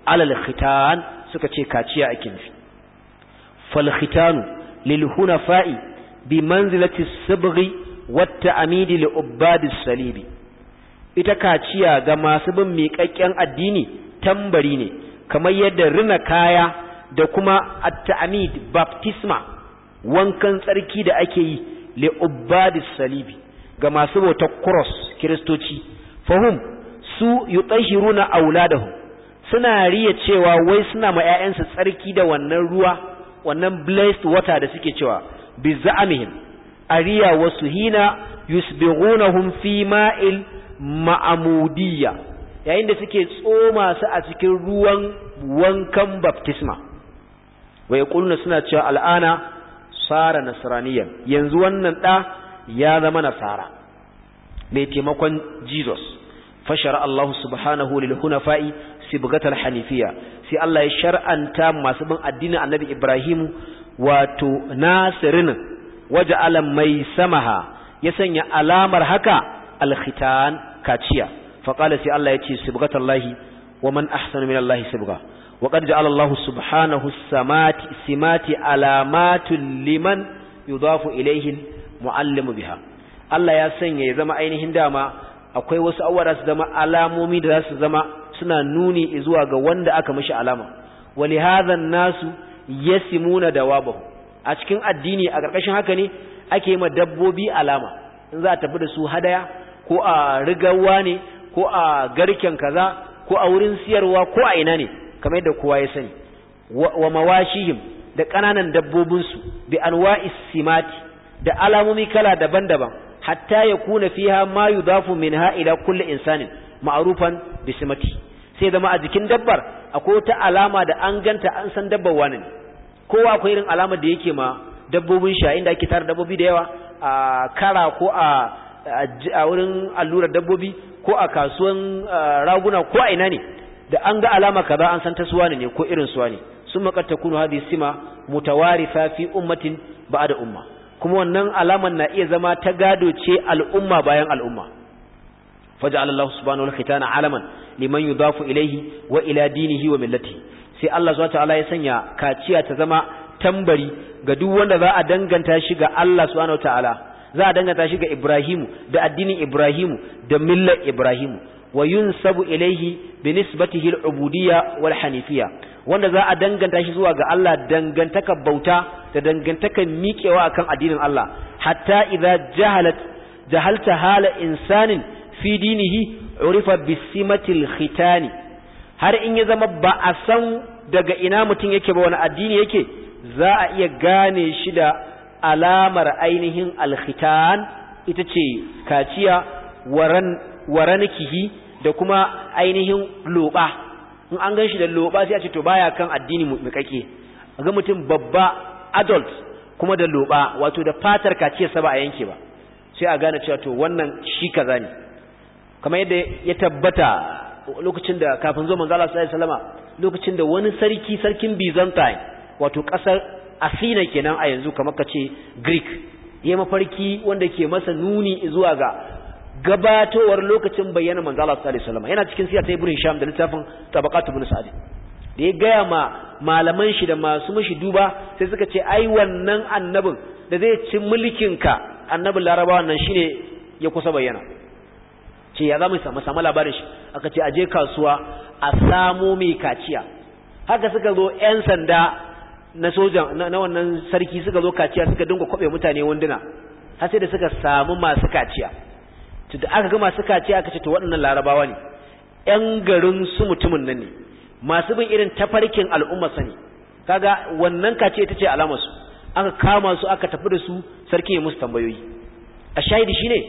alal khitan suka ce kaciya a nufi fal khitanu lil hunafa'i bi manzilati sibghi wat ta'mid li ubbad salibi ita kaciya ga masu bin miƙaƙƙen addini tambari ne kamar yadda rina kaya da kuma at-ta'mid baptisma wankan tsarki da ake yi li ubbad salibi ga masu bautar cross kiristoci fahum su yutahhiruna auladahu suna riya cewa wai suna ma 'ya'yansu tsarki da wannan ruwa wannan blessed water da suke cewa bi za'amihim ariya wasu hina yusbighunahum fi ma'il ma'amudiyya yayin da suke tsoma su a cikin ruwan wankan baptisma wai kulna suna cewa al'ana sara nasraniyan yanzu wannan da ya zama nasara mai taimakon jesus fashara allahu subhanahu lil hunafa'i sibgatal hanifiya sai allah ya shar'anta masu bin addinin annabi ibrahim wato nasirin waja'ala mai samaha ya sanya alamar haka alkhitan kaciya faqala sai allah ya ce Lahi wa man ahsanu minallahi sibga وقد جعل الله سبحانه السمات simati علامات liman yudafu إليه muallimu biha Allah ya sanya ya zama ainihin dama akwai wasu awara su zama alamomi da za su zama suna nuni zuwa ga wanda aka mishi alama li hadhan nasu yasimuna dawabahu a cikin addini a ƙarƙashin haka ne ake yi ma dabbobi alama in za a tafi da su hadaya ko a rigawa ne ko a garken kaza ko a wurin siyarwa ko a ina ne kamar yadda kowa ya sani wa mawashihim da ƙananan dabbobinsu bi anwa'is simati da alamomi kala daban-daban hatta ya kuna fiha ma yudafu minha ila kulli insanin Ma'arufan bisimati sai zama a jikin dabbar akwai wata alama da an ganta an san dabbar wani ne kowa akwai irin alama da yake ma dabbobin shayin inda ake tara dabbobi da yawa a kara ko a a wurin allurar dabbobi ko a kasuwan raguna ko a ina ne da an ga alama kaza an san ta suwa ne ko irin suwa ne sun makar ta kunu hadisi sima mutawaritha fi ummatin ba'da umma kuma wannan alamar na iya zama ta gado ce al'umma bayan al'umma faja'ala Allah subhanahu wa ta'ala alaman liman yudafu ilayhi wa ila dinihi wa millati sai Allah subhanahu wa ta'ala ya sanya kaciya ta zama tambari ga duk wanda za a danganta shi ga Allah subhanahu wa ta'ala za a danganta shi ga Ibrahimu da addinin Ibrahimu da millar Ibrahimu wa yunsabu ilayhi bi nisbatihi al-ubudiyya wal hanifiyya wanda za a danganta shi zuwa ga Allah dangantaka bauta da dangantaka miƙewa akan addinin Allah hatta idza jahalat jahalta hala insanin fi dinihi urifa bisimatil khitani har in ya zama ba a san daga ina mutum yake ba wani addini yake za a iya gane shi da alamar ainihin alkhitan ita ce kaciya waran waranikihi da kuma ainihin loba in an gan shi da loba sai a ce to baya kan addini mu kake ga mutum babba adult kuma da loba wato da fatar kaciyar sa ba a yanke ba sai a gane cewa to wannan shi kaza ne kamar yadda ya tabbata lokacin da kafin zo manzo Allah sallallahu lokacin da wani sarki sarkin Byzantine wato kasar Asina kenan a yanzu kamar ka ce Greek ya mafarki wanda ke masa nuni zuwa ga gabatowar lokacin bayyana manzo Allah sallallahu alaihi wasallam yana cikin siyar sai Ibn Hisham da littafin Tabaqat Ibn Sa'd da ya gaya ma malaman shi da masu mishi duba sai suka ce ai wannan annabin da zai ci mulkin ka annabin Larabawa nan shine ya kusa bayyana ce ya zama sama sama labarin shi aka ce aje kasuwa a samu mai kaciya haka suka zo 'yan sanda na sojan na wannan sarki suka zo kaciya suka dinga kwabe mutane wunduna har sai da suka samu masu kaciya to da aka ga masu kace aka ce to waɗannan larabawa ne yan garin su mutumin nan ne masu bin irin tafarkin al'umma sani kaga wannan kace ita ce alamar su aka kama su aka tafi da su sarki ya musu tambayoyi a shahidi shine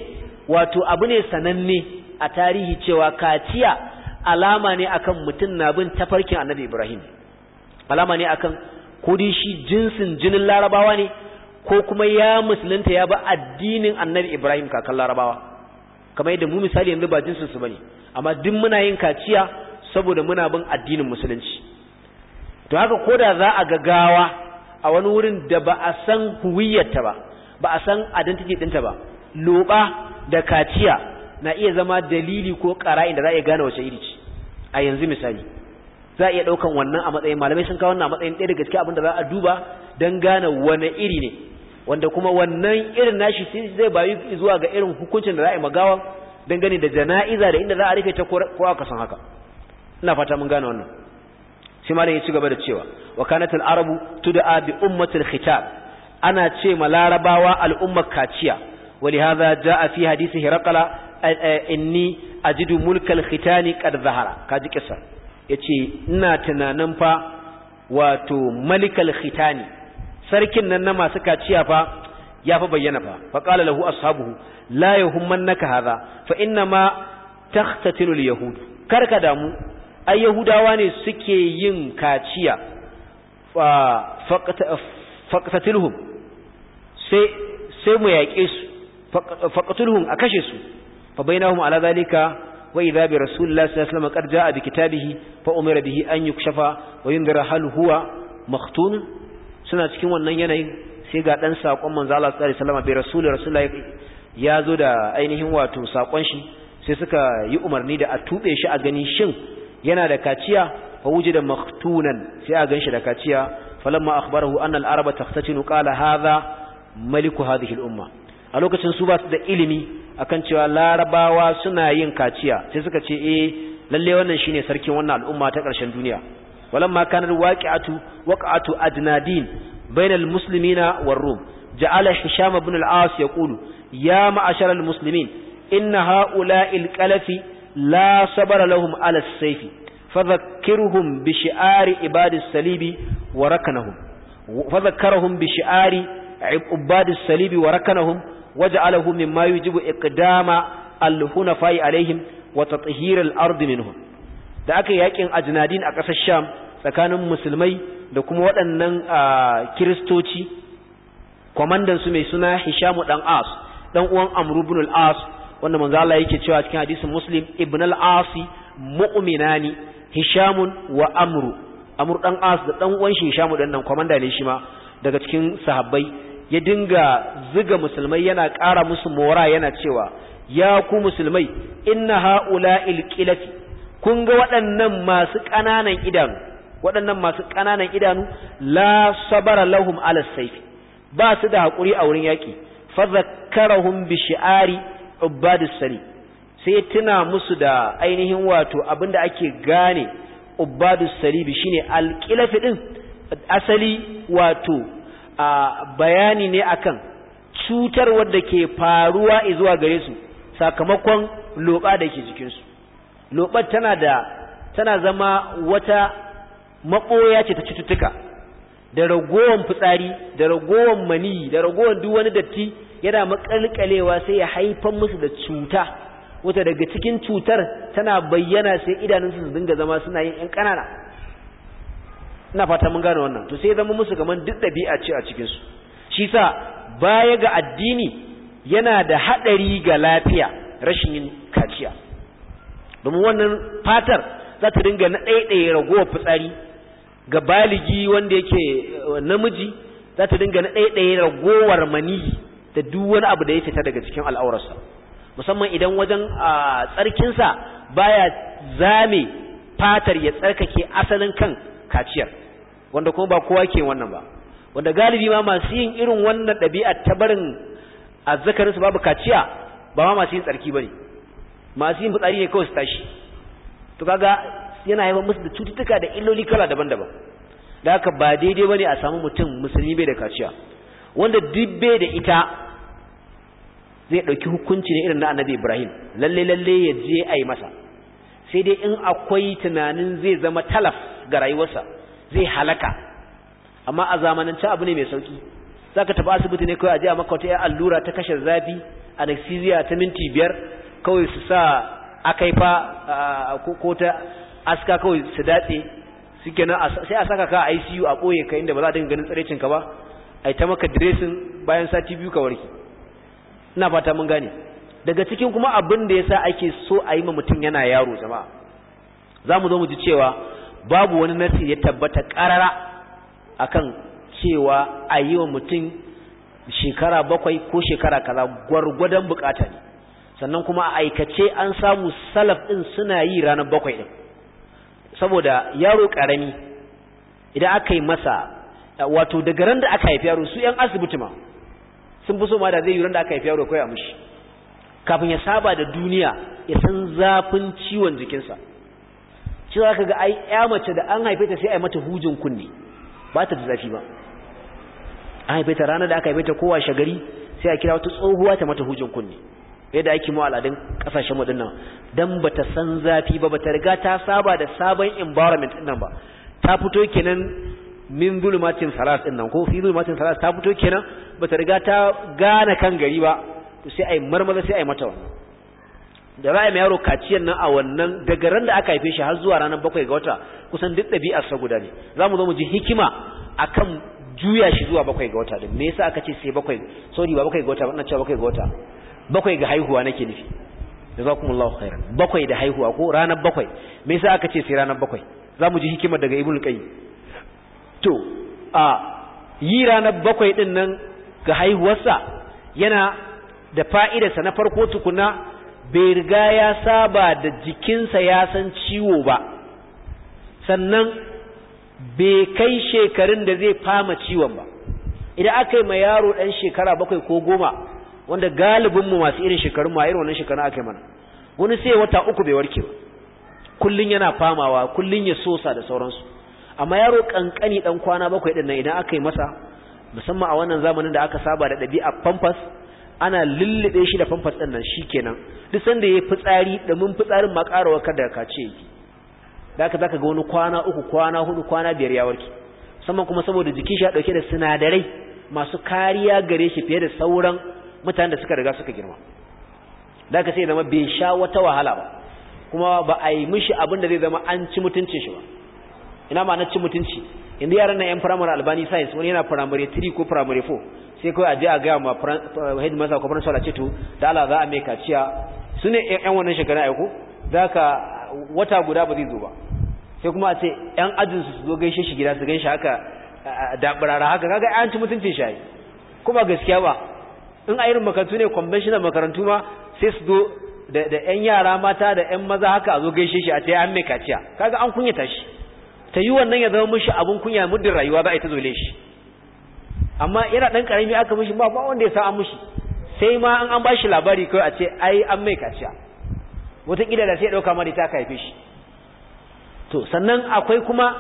wato abu ne sananne a tarihi cewa kaciya alama ne akan mutum na bin tafarkin annabi ibrahim alama ne akan ko dai shi jinsin jinin larabawa ne ko kuma ya musulunta ya bi addinin annabi ibrahim kakan larabawa kamar yadda mu misali yanzu ba jinsin su bane amma duk muna yin kaciya saboda muna bin addinin musulunci to haka koda za a ga gawa a wani wurin da ba a san huwiyyarta ba ba a san identity dinta ba loba da kaciya na iya zama dalili ko ƙara'in da za a gane wace iri ce a yanzu misali za a iya ɗaukan wannan a matsayin malamai sun kawo wannan a matsayin ɗaya daga cikin abin da za a duba don gane wane iri ne wanda kuma wannan irin nashi sai zai bayu zuwa ga irin hukuncin da za a yi magawa dangane da jana'iza da inda za a rufe ta ko aka san haka ina fata mun gane wannan sai malam ya ci gaba da cewa wa al arabu tud'a bi ummatil khitab ana ce ma larabawa al'ummar kaciya ولهذا جاء في hadisi هرقل inni ajidu mulkal khitani qad zahara kaji kissa yace ina tunanin fa wato malikal khitani sarkin nan na masu kaciya fa ya fi bayyana fa fa qala lahu ashabuhu la naka hadha fa inna ma tahtatilu al-yahud karka damu ai yahudawa ne suke yin kaciya faqtatilhum sai sai mu yaƙe su faqtulhum a kashe su fa bainahum ala zalika wa idha bi rasulillahi sallallahu alaihi wasallam qad jaa bi kitabihi fa umira bihi an yukshafa wa yundira hal huwa maktun suna cikin wannan yanayin sai ga dan sakon manzo Allah sallallahu alaihi wasallam bai rasulullahi rasulullahi ya zo da ainihin wato sakon shi sai suka yi umarni da a tube shi a gani shin yana da kaciya fa wujida maktunan sai a ganshi da kaciya falamma akhbarahu anna al-araba takhtatinu qala hadha maliku hadhihi al-umma a lokacin su ba su da ilimi akan cewa larabawa suna yin kaciya sai suka ce eh lalle wannan shine sarkin wannan al'umma ta ƙarshen duniya ولما كان الواقعة وقعة أجنادين بين المسلمين والروم جعل هشام بن العاص يقول يا معشر المسلمين إن هؤلاء الكلف لا صبر لهم على السيف فذكرهم بشعار عباد الصليب وركنهم فذكرهم بشعار عباد الصليب وركنهم وجعله مما يجب إقدام الحنفاء عليهم وتطهير الأرض منهم da aka yi yakin ajinadin a ƙasar sham tsakanin musulmai da kuma waɗannan kiristoci kwamandan su mai suna hishamu ɗan as ɗan uwan amru bin al'as wanda manzo yake cewa cikin hadisin muslim ibn al-asi mu'minani hishamun wa amru amru ɗan as da ɗan uwan shi hishamu ɗan nan kwamanda ne shi ma daga cikin sahabbai ya dinga ziga musulmai yana ƙara musu mora yana cewa ya ku musulmai inna haula ilkilati kun ga waɗannan masu ƙananan idanu waɗannan masu ƙananan idanu la sabara lahum ala saifi ba su da haƙuri a wurin yaƙi fa zakkarahum bi shi'ari sari sai tuna musu da ainihin wato abinda ake gane sari bi shine alqilafi din asali wato a bayani ne akan cutar wadda ke faruwa zuwa gare su sakamakon loƙa da ke jikinsu lobar tana da tana zama wata maboya ce ta cututtuka da ragowan fitsari da ragowan mani da ragowan duk wani datti yana makalkalewa sai ya haifar musu da cuta wata daga cikin cutar tana bayyana sai idanunsu su dinga zama suna yin ƴan ƙanana ina fata mun gane wannan to sai zama musu kaman duk dabi'a ce a cikin su shi sa baya ga addini yana da haɗari ga lafiya rashin yin kaciya domin wannan fatar za ta dinga na ɗaiɗaya ragowar fitsari ga baligi wanda yake eh, namiji za ta dinga na ɗaiɗaya ragowar mani da duk wani abu da ya fita daga cikin al'aurarsa musamman idan wajen a tsarkinsa baya zame fatar ya tsarkake asalin kan kaciyar wanda kuma ba kowa ke wannan ba wanda galibi ma masu yin irin wannan ɗabi'a ta barin a zakarinsu babu kaciya ba ma masu yin tsarki ba ne masu yin fitsari ne kawai su tashi to kaga yana haifar musu da cututtuka da illoli kala daban-daban da haka ba daidai bane a samu mutum musulmi bai da kaciya wanda duk bai da ita zai ɗauki hukunci ne irin na annabi ibrahim lalle lalle ya je a masa sai dai in akwai tunanin zai zama talaf ga rayuwarsa zai halaka amma a zamanance abu ne mai sauki za ka asibiti ne kawai a je a maka ya allura ta kashe zafi anesthesia ta minti biyar kawai su sa fa ko ta aska kawai su datse suke nan sai a saka ka a ICU a ɓoye ka inda ba za a dinga ganin tsarecin ba a ta maka diresin bayan sati biyu ka warki ina fata mun gane daga cikin kuma abin da ya sa ake so a yi ma mutum yana yaro jama'a za mu zo mu ji cewa babu wani nasi ya tabbata karara kan cewa a yi wa mutum shekara bakwai ko shekara kaza gwargwadon bukata ne sannan kuma a aikace an samu salaf ɗin suna yi ranar bakwai din saboda yaro ƙarami idan aka yi masa wato daga ran da aka haifi yaro su yan asibiti ma sun fi so ma da zai yi ran da aka haifi yaro a mushi kafin ya saba da duniya ya san zafin ciwon jikinsa shi za ka ga ai ya mace da an haife ta sai ai mata hujin kunne ba ta da zafi ba an haife ta ranar da aka haife ta kowa shagari sai a kira wata tsohuwa ta mata hujin kunne yadda ake mu al'adun kasashen wadin nan dan bata san zafi ba bata riga ta saba da sabon environment din nan ba ta fito kenan min zulmatin salas din nan ko fi zulmatin salas ta fito kenan bata riga ta gane kan gari ba to sai ai marmaza sai ai mata wannan da ra'ayi mai yaro kaciyan nan a wannan daga ran da aka haife shi har zuwa ranar bakwai ga wata kusan duk ɗabi'ar sa guda ne za mu zo mu ji hikima akan juya shi zuwa bakwai ga wata din me yasa aka ce sai bakwai sorry ba bakwai ga wata ba ina cewa bakwai ga wata bakwai ga haihuwa nake nufi jazakumullahu khairan bakwai da haihuwa ko ranar bakwai me yasa aka ce sai ranar bakwai zamu ji hikimar daga ibnu qayyim to a yi ranar bakwai din nan ga haihuwarsa yana da fa'idarsa na farko tukuna bai riga ya saba da jikinsa ya san ciwo ba sannan bai kai shekarun da zai fama ciwon ba idan aka yi ma yaro ɗan shekara bakwai ko goma wanda galibin mu masu irin shekarun mu a irin wannan shekarun aka mana wani sai wata uku bai warke ba kullun yana famawa kullun ya sosa da sauransu amma yaro kankani dan kwana bakwai din nan idan aka yi masa musamman a wannan zamanin da aka saba da dabia pampas ana lullube shi da famfas din nan shikenan duk sanda yayi fitsari da mun fitsarin ma karawa kada ka ce yake zaka zaka ga wani kwana uku kwana hudu kwana biyar ya warke musamman kuma saboda jikin shi ya dauke da sinadarai masu kariya gare shi fiye da sauran mutanen da suka riga suka girma da ka sai zama bai sha wata wahala ba kuma ba a yi mishi abin da zai zama an ci mutuncin shi ba ina ma na ci mutunci inda yaran nan yan firamare albani science wani yana firamare 3 ko firamare 4 sai kawai a ji a gaya ma eh, master ko principal a ce to da ala za a mai kaciya su ne yan wannan shekara aiko za ka wata guda ba zai zo ba sai kuma a ce yan ajin su zo gaishe shi gida su gai shi haka eh, eh, dabarara haka kaga an ci mutuncin shi ko ba gaskiya ba in a irin makarantu ne conventional makarantu ma sai su zo da yan yara mata da yan maza haka a zo gaishe shi a ta an mai kaciya kaga an kunyata shi ta yi wannan ya zama mushi abun kunya muddin rayuwa za a yi ta zole shi amma yana ɗan karami aka mushi ba ba wanda ya sa an mushi. sai ma an ba shi labari kawai a ce ai an mai kaciya wataƙila da sai ya ɗauka ma da ta haife shi to sannan akwai kuma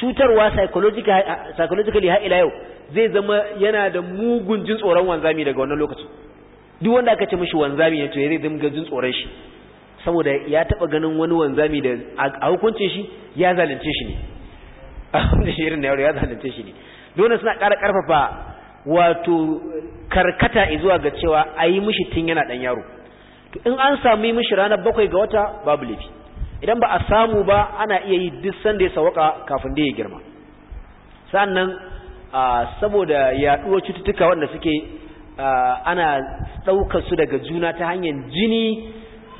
cutarwa psychologically har ila yau zai zama yana da mugun jin tsoron wanzami daga wannan lokaci duk wanda aka ce mishi wanzami ya to zai dinga jin tsoron shi saboda ya taba ganin wani wanzami da a hukuncin shi ya zalunce shi ne wanda shi irin yaro ya zalunce shi ne dole suna ƙara ƙarfafa wato karkata zuwa ga cewa a yi mishi tun yana ɗan yaro to in an samu yi mishi ranar bakwai ga wata babu laifi idan ba a samu ba ana iya yi duk sanda ya sawaka kafin da ya girma sannan saboda yaduwar cututtuka wanda suke ana daukar su daga juna ta hanyar jini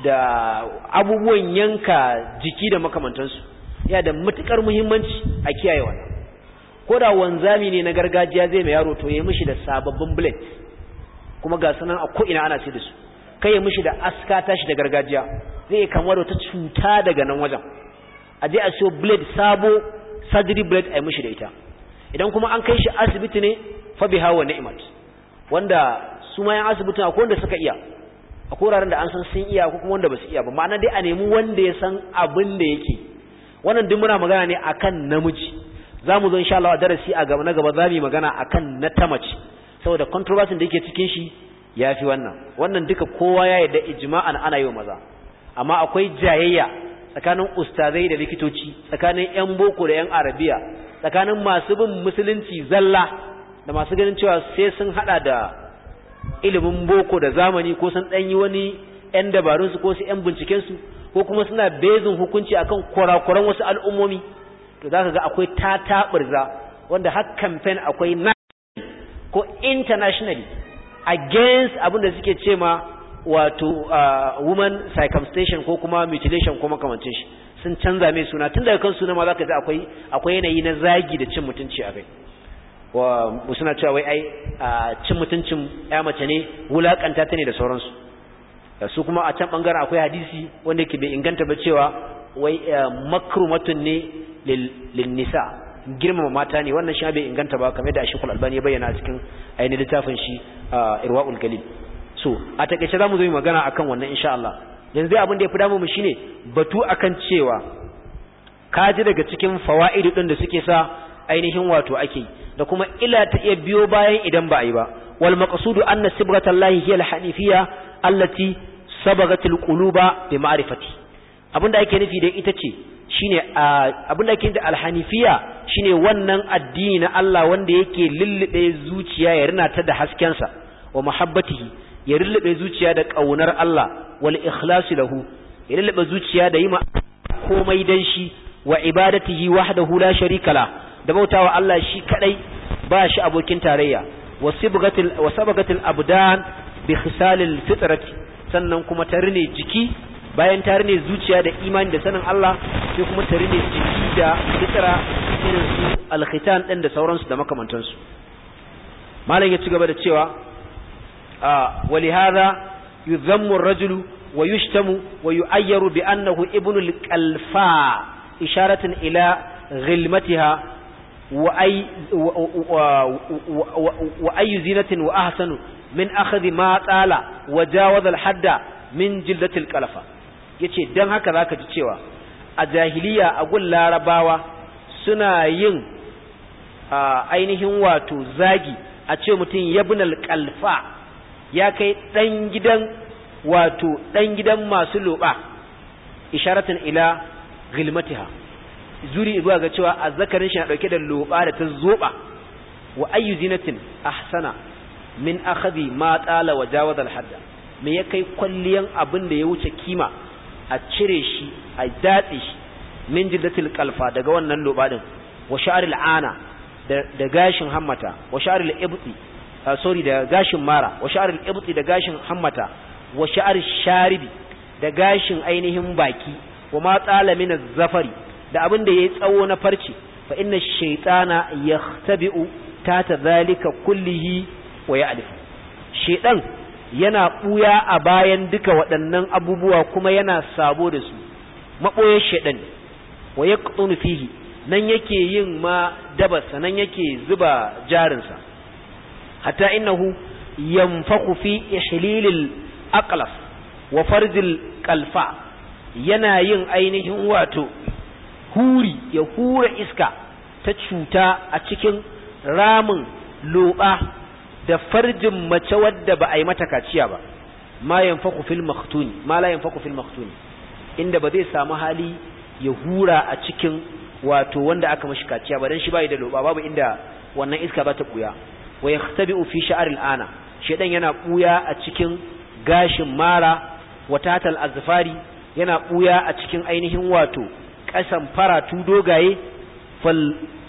da abubuwan yanka jiki da makamantansu ya da matukar muhimmanci a kiyaye wannan ko da wanzami ne na gargajiya zai mai yaro to ya mishi da sababbin blade kuma ga sanan a ko ana ce da su kai ya mishi da aska tashi da gargajiya zai kamar wata cuta daga nan wajen a je a siyo blade sabo surgery blade a yi mushi da ita idan kuma an kai shi asibiti ne fa biha wa ni'mat wanda su ma yan asibitin akwai wanda suka iya akwai wuraren da an san sun iya ko kuma wanda ba su iya ba ma'ana dai a nemi wanda ya san abin da yake wannan duk muna magana ne akan namiji za mu zo insha Allah darasi a gaba na gaba za mu yi magana akan na ta mace saboda controversy da yake cikin shi ya fi wannan wannan duka kowa ya yarda ijma'an ana yi wa maza amma akwai jayayya tsakanin ustazai da likitoci tsakanin yan boko da yan arabiya tsakanin masu bin musulunci zalla da masu ganin cewa sai sun hada da ilimin boko da zamani ko sun danyi wani 'yan dabarunsu ko su 'yan bincikensu ko kuma suna bezin hukunci akan kurakuran wasu al'ummomi to za ga akwai tataɓurza wanda har campaign akwai na ko internationally against abin da suke ce ma wato uh, woman circumcision ko kuma mutilation ko makamancin shi sun canza mai suna tun daga kan suna ma za ka ji akwai yanayi na zagi da cin mutunci a kai wa suna cewa wai ai cin mutuncin ya mace ne wulakanta ta ne da sauransu su kuma a can bangaren akwai hadisi wanda ke bai inganta ba cewa wai eh, makrumatun ne lil nisa girmama mata ne wannan shi bai inganta ba kamar da Sheikhul Albani ya bayyana a cikin ainihin littafin shi Irwaul Galil so a za mu zo yi magana akan wannan insha Allah yanzu abin da ya fi damu mu shine batu akan cewa ka ji daga cikin fawa'idu din da suke sa ainihin wato ake da kuma illa ta iya biyo bayan idan ba a yi ba wal maqsudu anna sibratallahi hiya al-hanifiyya allati sabagat al-quluba bi ma'rifati abinda ake nufi da ita ce shine abinda ake nufi da al-hanifiyya shine wannan addini na Allah wanda yake lullube zuciya ya rina ta da hasken sa wa muhabbatihi ya lullube zuciya da kaunar Allah wal ikhlasu lahu ya lallaba zuciya da yi ma komai dan shi wa ibadatihi wahdahu la sharika la da bautawa Allah shi kadai ba shi abokin tarayya wa sibgatil wa sabagatil abdan bi khisalil fitrati sannan kuma tarne jiki bayan tarne zuciya da imani da sanin Allah sai kuma tarne jiki da fitra irin su alkhitan din da sauransu da makamantansu malam ya ci gaba da cewa a ah, walihada يذم الرجل ويشتم ويؤير بأنه ابن القلفاء إشارة إلى غلمتها وأي, وأي زينة وأحسن من أخذ ما تعالى وجاوز الحد من جلدة القلفة يتشي دم هكذا كتشيوا أجاهلية أقول لا رباوة سنا ين آه، أينهم واتو زاجي أتشي متين يبن القلفاء ya kai ɗan gidan wato ɗan gidan masu loɓa isharatan ila gilmatiha zuri zuwa ga cewa a zakarin shi na ɗauke da loɓa da ta zoɓa wa ayyu zinatin ahsana min akhadhi ma tsala wa hadda me ya kai kwalliyan abin da ya wuce kima a cire shi a datse shi min jildatil kalfa daga wannan loɓa din wa sha'ril ana da gashin hammata wa sha'ril ibti Ah, sorry da gashin mara wa sha'ar al-ibti da gashin hammata wa sha'ar sharibi da gashin ainihin baki wa ma tsala min zafari da abin da yayi tsawo na farce fa inna shaytana yahtabi'u tata zalika kullihi wa ya'lif shaytan yana buya a bayan duka waɗannan abubuwa kuma yana sabo da su maboyar shaytan wa yaqtunu fihi nan yake yin ma dabasa nan yake zuba jarinsa hatta innahu yanfaku fi ihlilil aqlaf wa farjil qalfa yana yin ainihin wato huri ya hura iska ta cuta a cikin ramin loba da farjin mace wadda ba a yi mata kaciya ba ma yanfaku fil maktuni ma la yanfaku fil maktuni inda ba zai samu hali ya hura a cikin wato wanda aka mashi kaciya ba dan shi bai da loba babu inda wannan iska za ta buya wa yahtabi'u fi sha'ril ana shedan yana buya a cikin gashin mara wa tatal azfari yana buya a cikin ainihin wato ƙasan faratu dogaye fal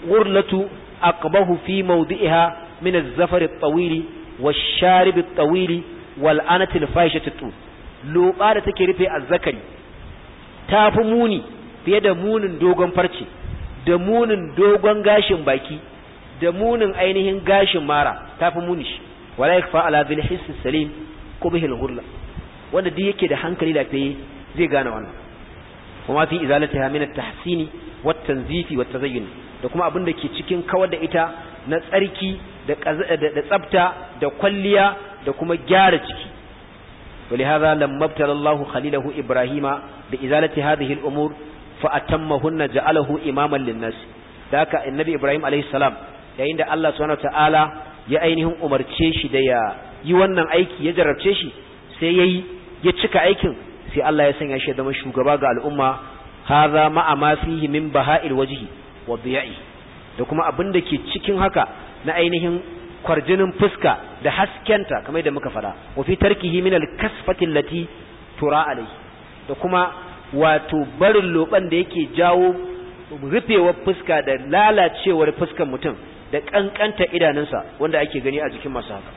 ghurlatu aqbahu fi mawdi'iha min az-zafar at-tawili wash-sharib at-tawili wal da take rufe ta fi muni fiye da munin dogon farce da munin dogon gashin baki da munin ainihin gashin mara tafi munish wala yakfa ala bil hiss salim ko bihil ghurla wanda duk yake da hankali da zai gane wannan kuma fi izalatiha min at-tahsini wat tanzifi wat tazayyun da kuma abin da ke cikin kawar da ita na tsarki da da tsafta da kwalliya da kuma gyara ciki ولهذا لما ابتلى الله خليله إبراهيم بإزالة هذه الأمور فأتمهن جعله إماما للناس ذاك النبي إبراهيم عليه السلام yayin da Allah subhanahu ta'ala ya ainihin umarce shi da ya yi wannan aiki ya jarabce shi sai yayi ya cika aikin sai Allah ya sanya shi ya zama shugaba ga al'umma hadha ma'a ma fihi min baha'il wajhi wa biya'i da kuma abin da ke cikin haka na ainihin kwarjinin fuska da haskenta kamar da muka fada wa fi tarkihi min al-kasfati allati tura alai da kuma wato barin loban da yake jawo rufewar fuska da lalacewar fuskan mutum da kankanta idanunsa wanda ake gani a jikin masu haka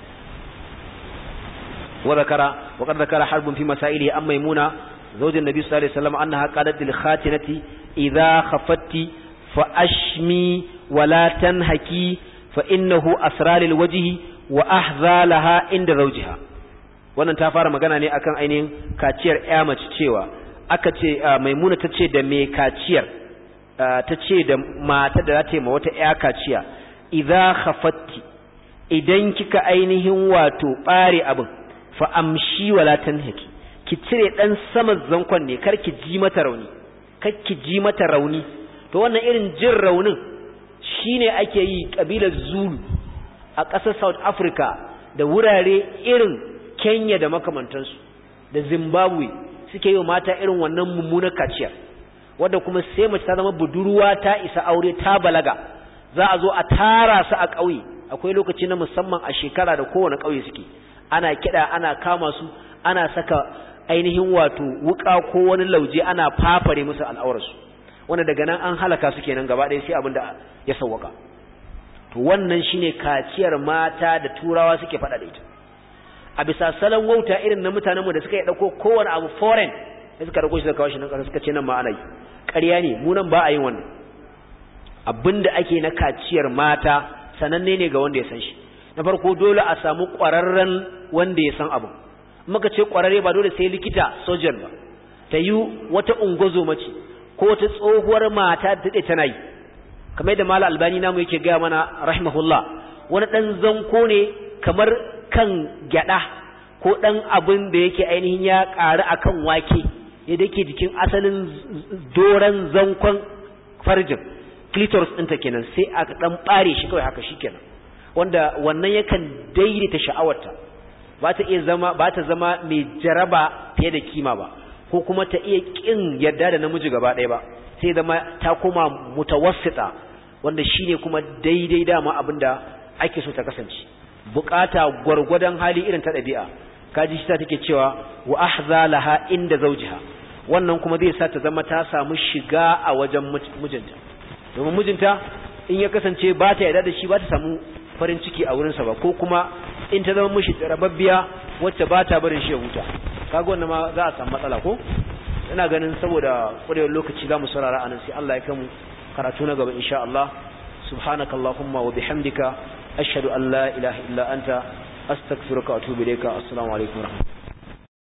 wa zakara wa qad zakara harbun fi masailihi amma maimuna zawjin nabi sallallahu alaihi wasallam annaha qalat lil khatinati idha khafatti fa ashmi wa la tanhaki fa innahu asra lil wajhi wa ahza laha inda zawjiha wannan ta fara magana ne akan ainihin kaciyar ƴa mace cewa aka ce maimuna ta ce da me kaciyar ta ce da mata da za ta yi ma wata ƴa kaciya idza khafatti idan kika ainihin wato bare abin fa amshi wala tanhiki ki cire dan saman zankon ne kar ki ji mata rauni kar ki ji mata rauni to wannan irin jin raunin shine ake yi kabilar Zulu a ƙasar South Africa da wurare irin Kenya da makamantansu da Zimbabwe suke yi mata irin wannan mummunar kaciya wadda kuma sai mace ta zama budurwa ta isa aure ta balaga za a zo a tara su a ƙauye akwai lokaci na musamman a shekara da kowane ƙauye suke ana kiɗa ana kama su ana saka ainihin wato wuƙa ko wani lauje ana fafare musu al'aurarsu wanda daga nan an halaka su kenan gaba ɗaya sai abin da ya sauwaka to wannan shine kaciyar mata da turawa suke faɗa da ita a bisa salon wauta irin na mutanenmu da suka yi ɗauko kowane abu foreign da suka ɗauko shi da kawashi na nan ƙasa suka ce nan ma ana yi ƙarya ne mu nan ba a yin wannan abinda ake na kaciyar mata sananne ne ga wanda ya san shi na farko dole a samu ƙwararren wanda ya san abu muka ce ƙwararre ba dole sai likita sojan ba ta yi wata ungozo mace ko wata tsohuwar mata da tana yi kamar yadda mala albani namu yake gaya mana rahimahullah wani ɗan zanko ne kamar kan gyaɗa ko ɗan abin da yake ainihin ya ƙaru a kan wake yadda yake jikin asalin doron zankon farjin clitoris ɗinta kenan sai aka ɗan ɓare shi kawai haka shikenan wanda wannan yakan daidaita sha'awarta ba ta iya zama ba ta zama mai jaraba fiye da kima ba ko kuma ta iya ƙin yadda da namiji gaba ɗaya ba sai zama ta koma mutawassita wanda shine kuma daidai dama abin da ake so ta kasance bukata gwargwadon hali irin ta ɗabi'a kaji shi ta take cewa wa ahza laha inda zawjiha wannan kuma zai sa ta zama ta samu shiga a wajen mijinta domin mijinta in ya kasance ba ta yarda da shi ba ta samu farin ciki a wurinsa ba ko kuma in ta zama mishi rababbiya wacce ba ta barin shi ya huta kaga wannan ma za a samu matsala ko ina ganin saboda kurewar lokaci za mu saurara anan sai Allah ya kamu karatu na gaba insha Allah subhanakallahumma wa bihamdika ashhadu an la ilaha illa anta astaghfiruka wa atubu ilayka assalamu alaikum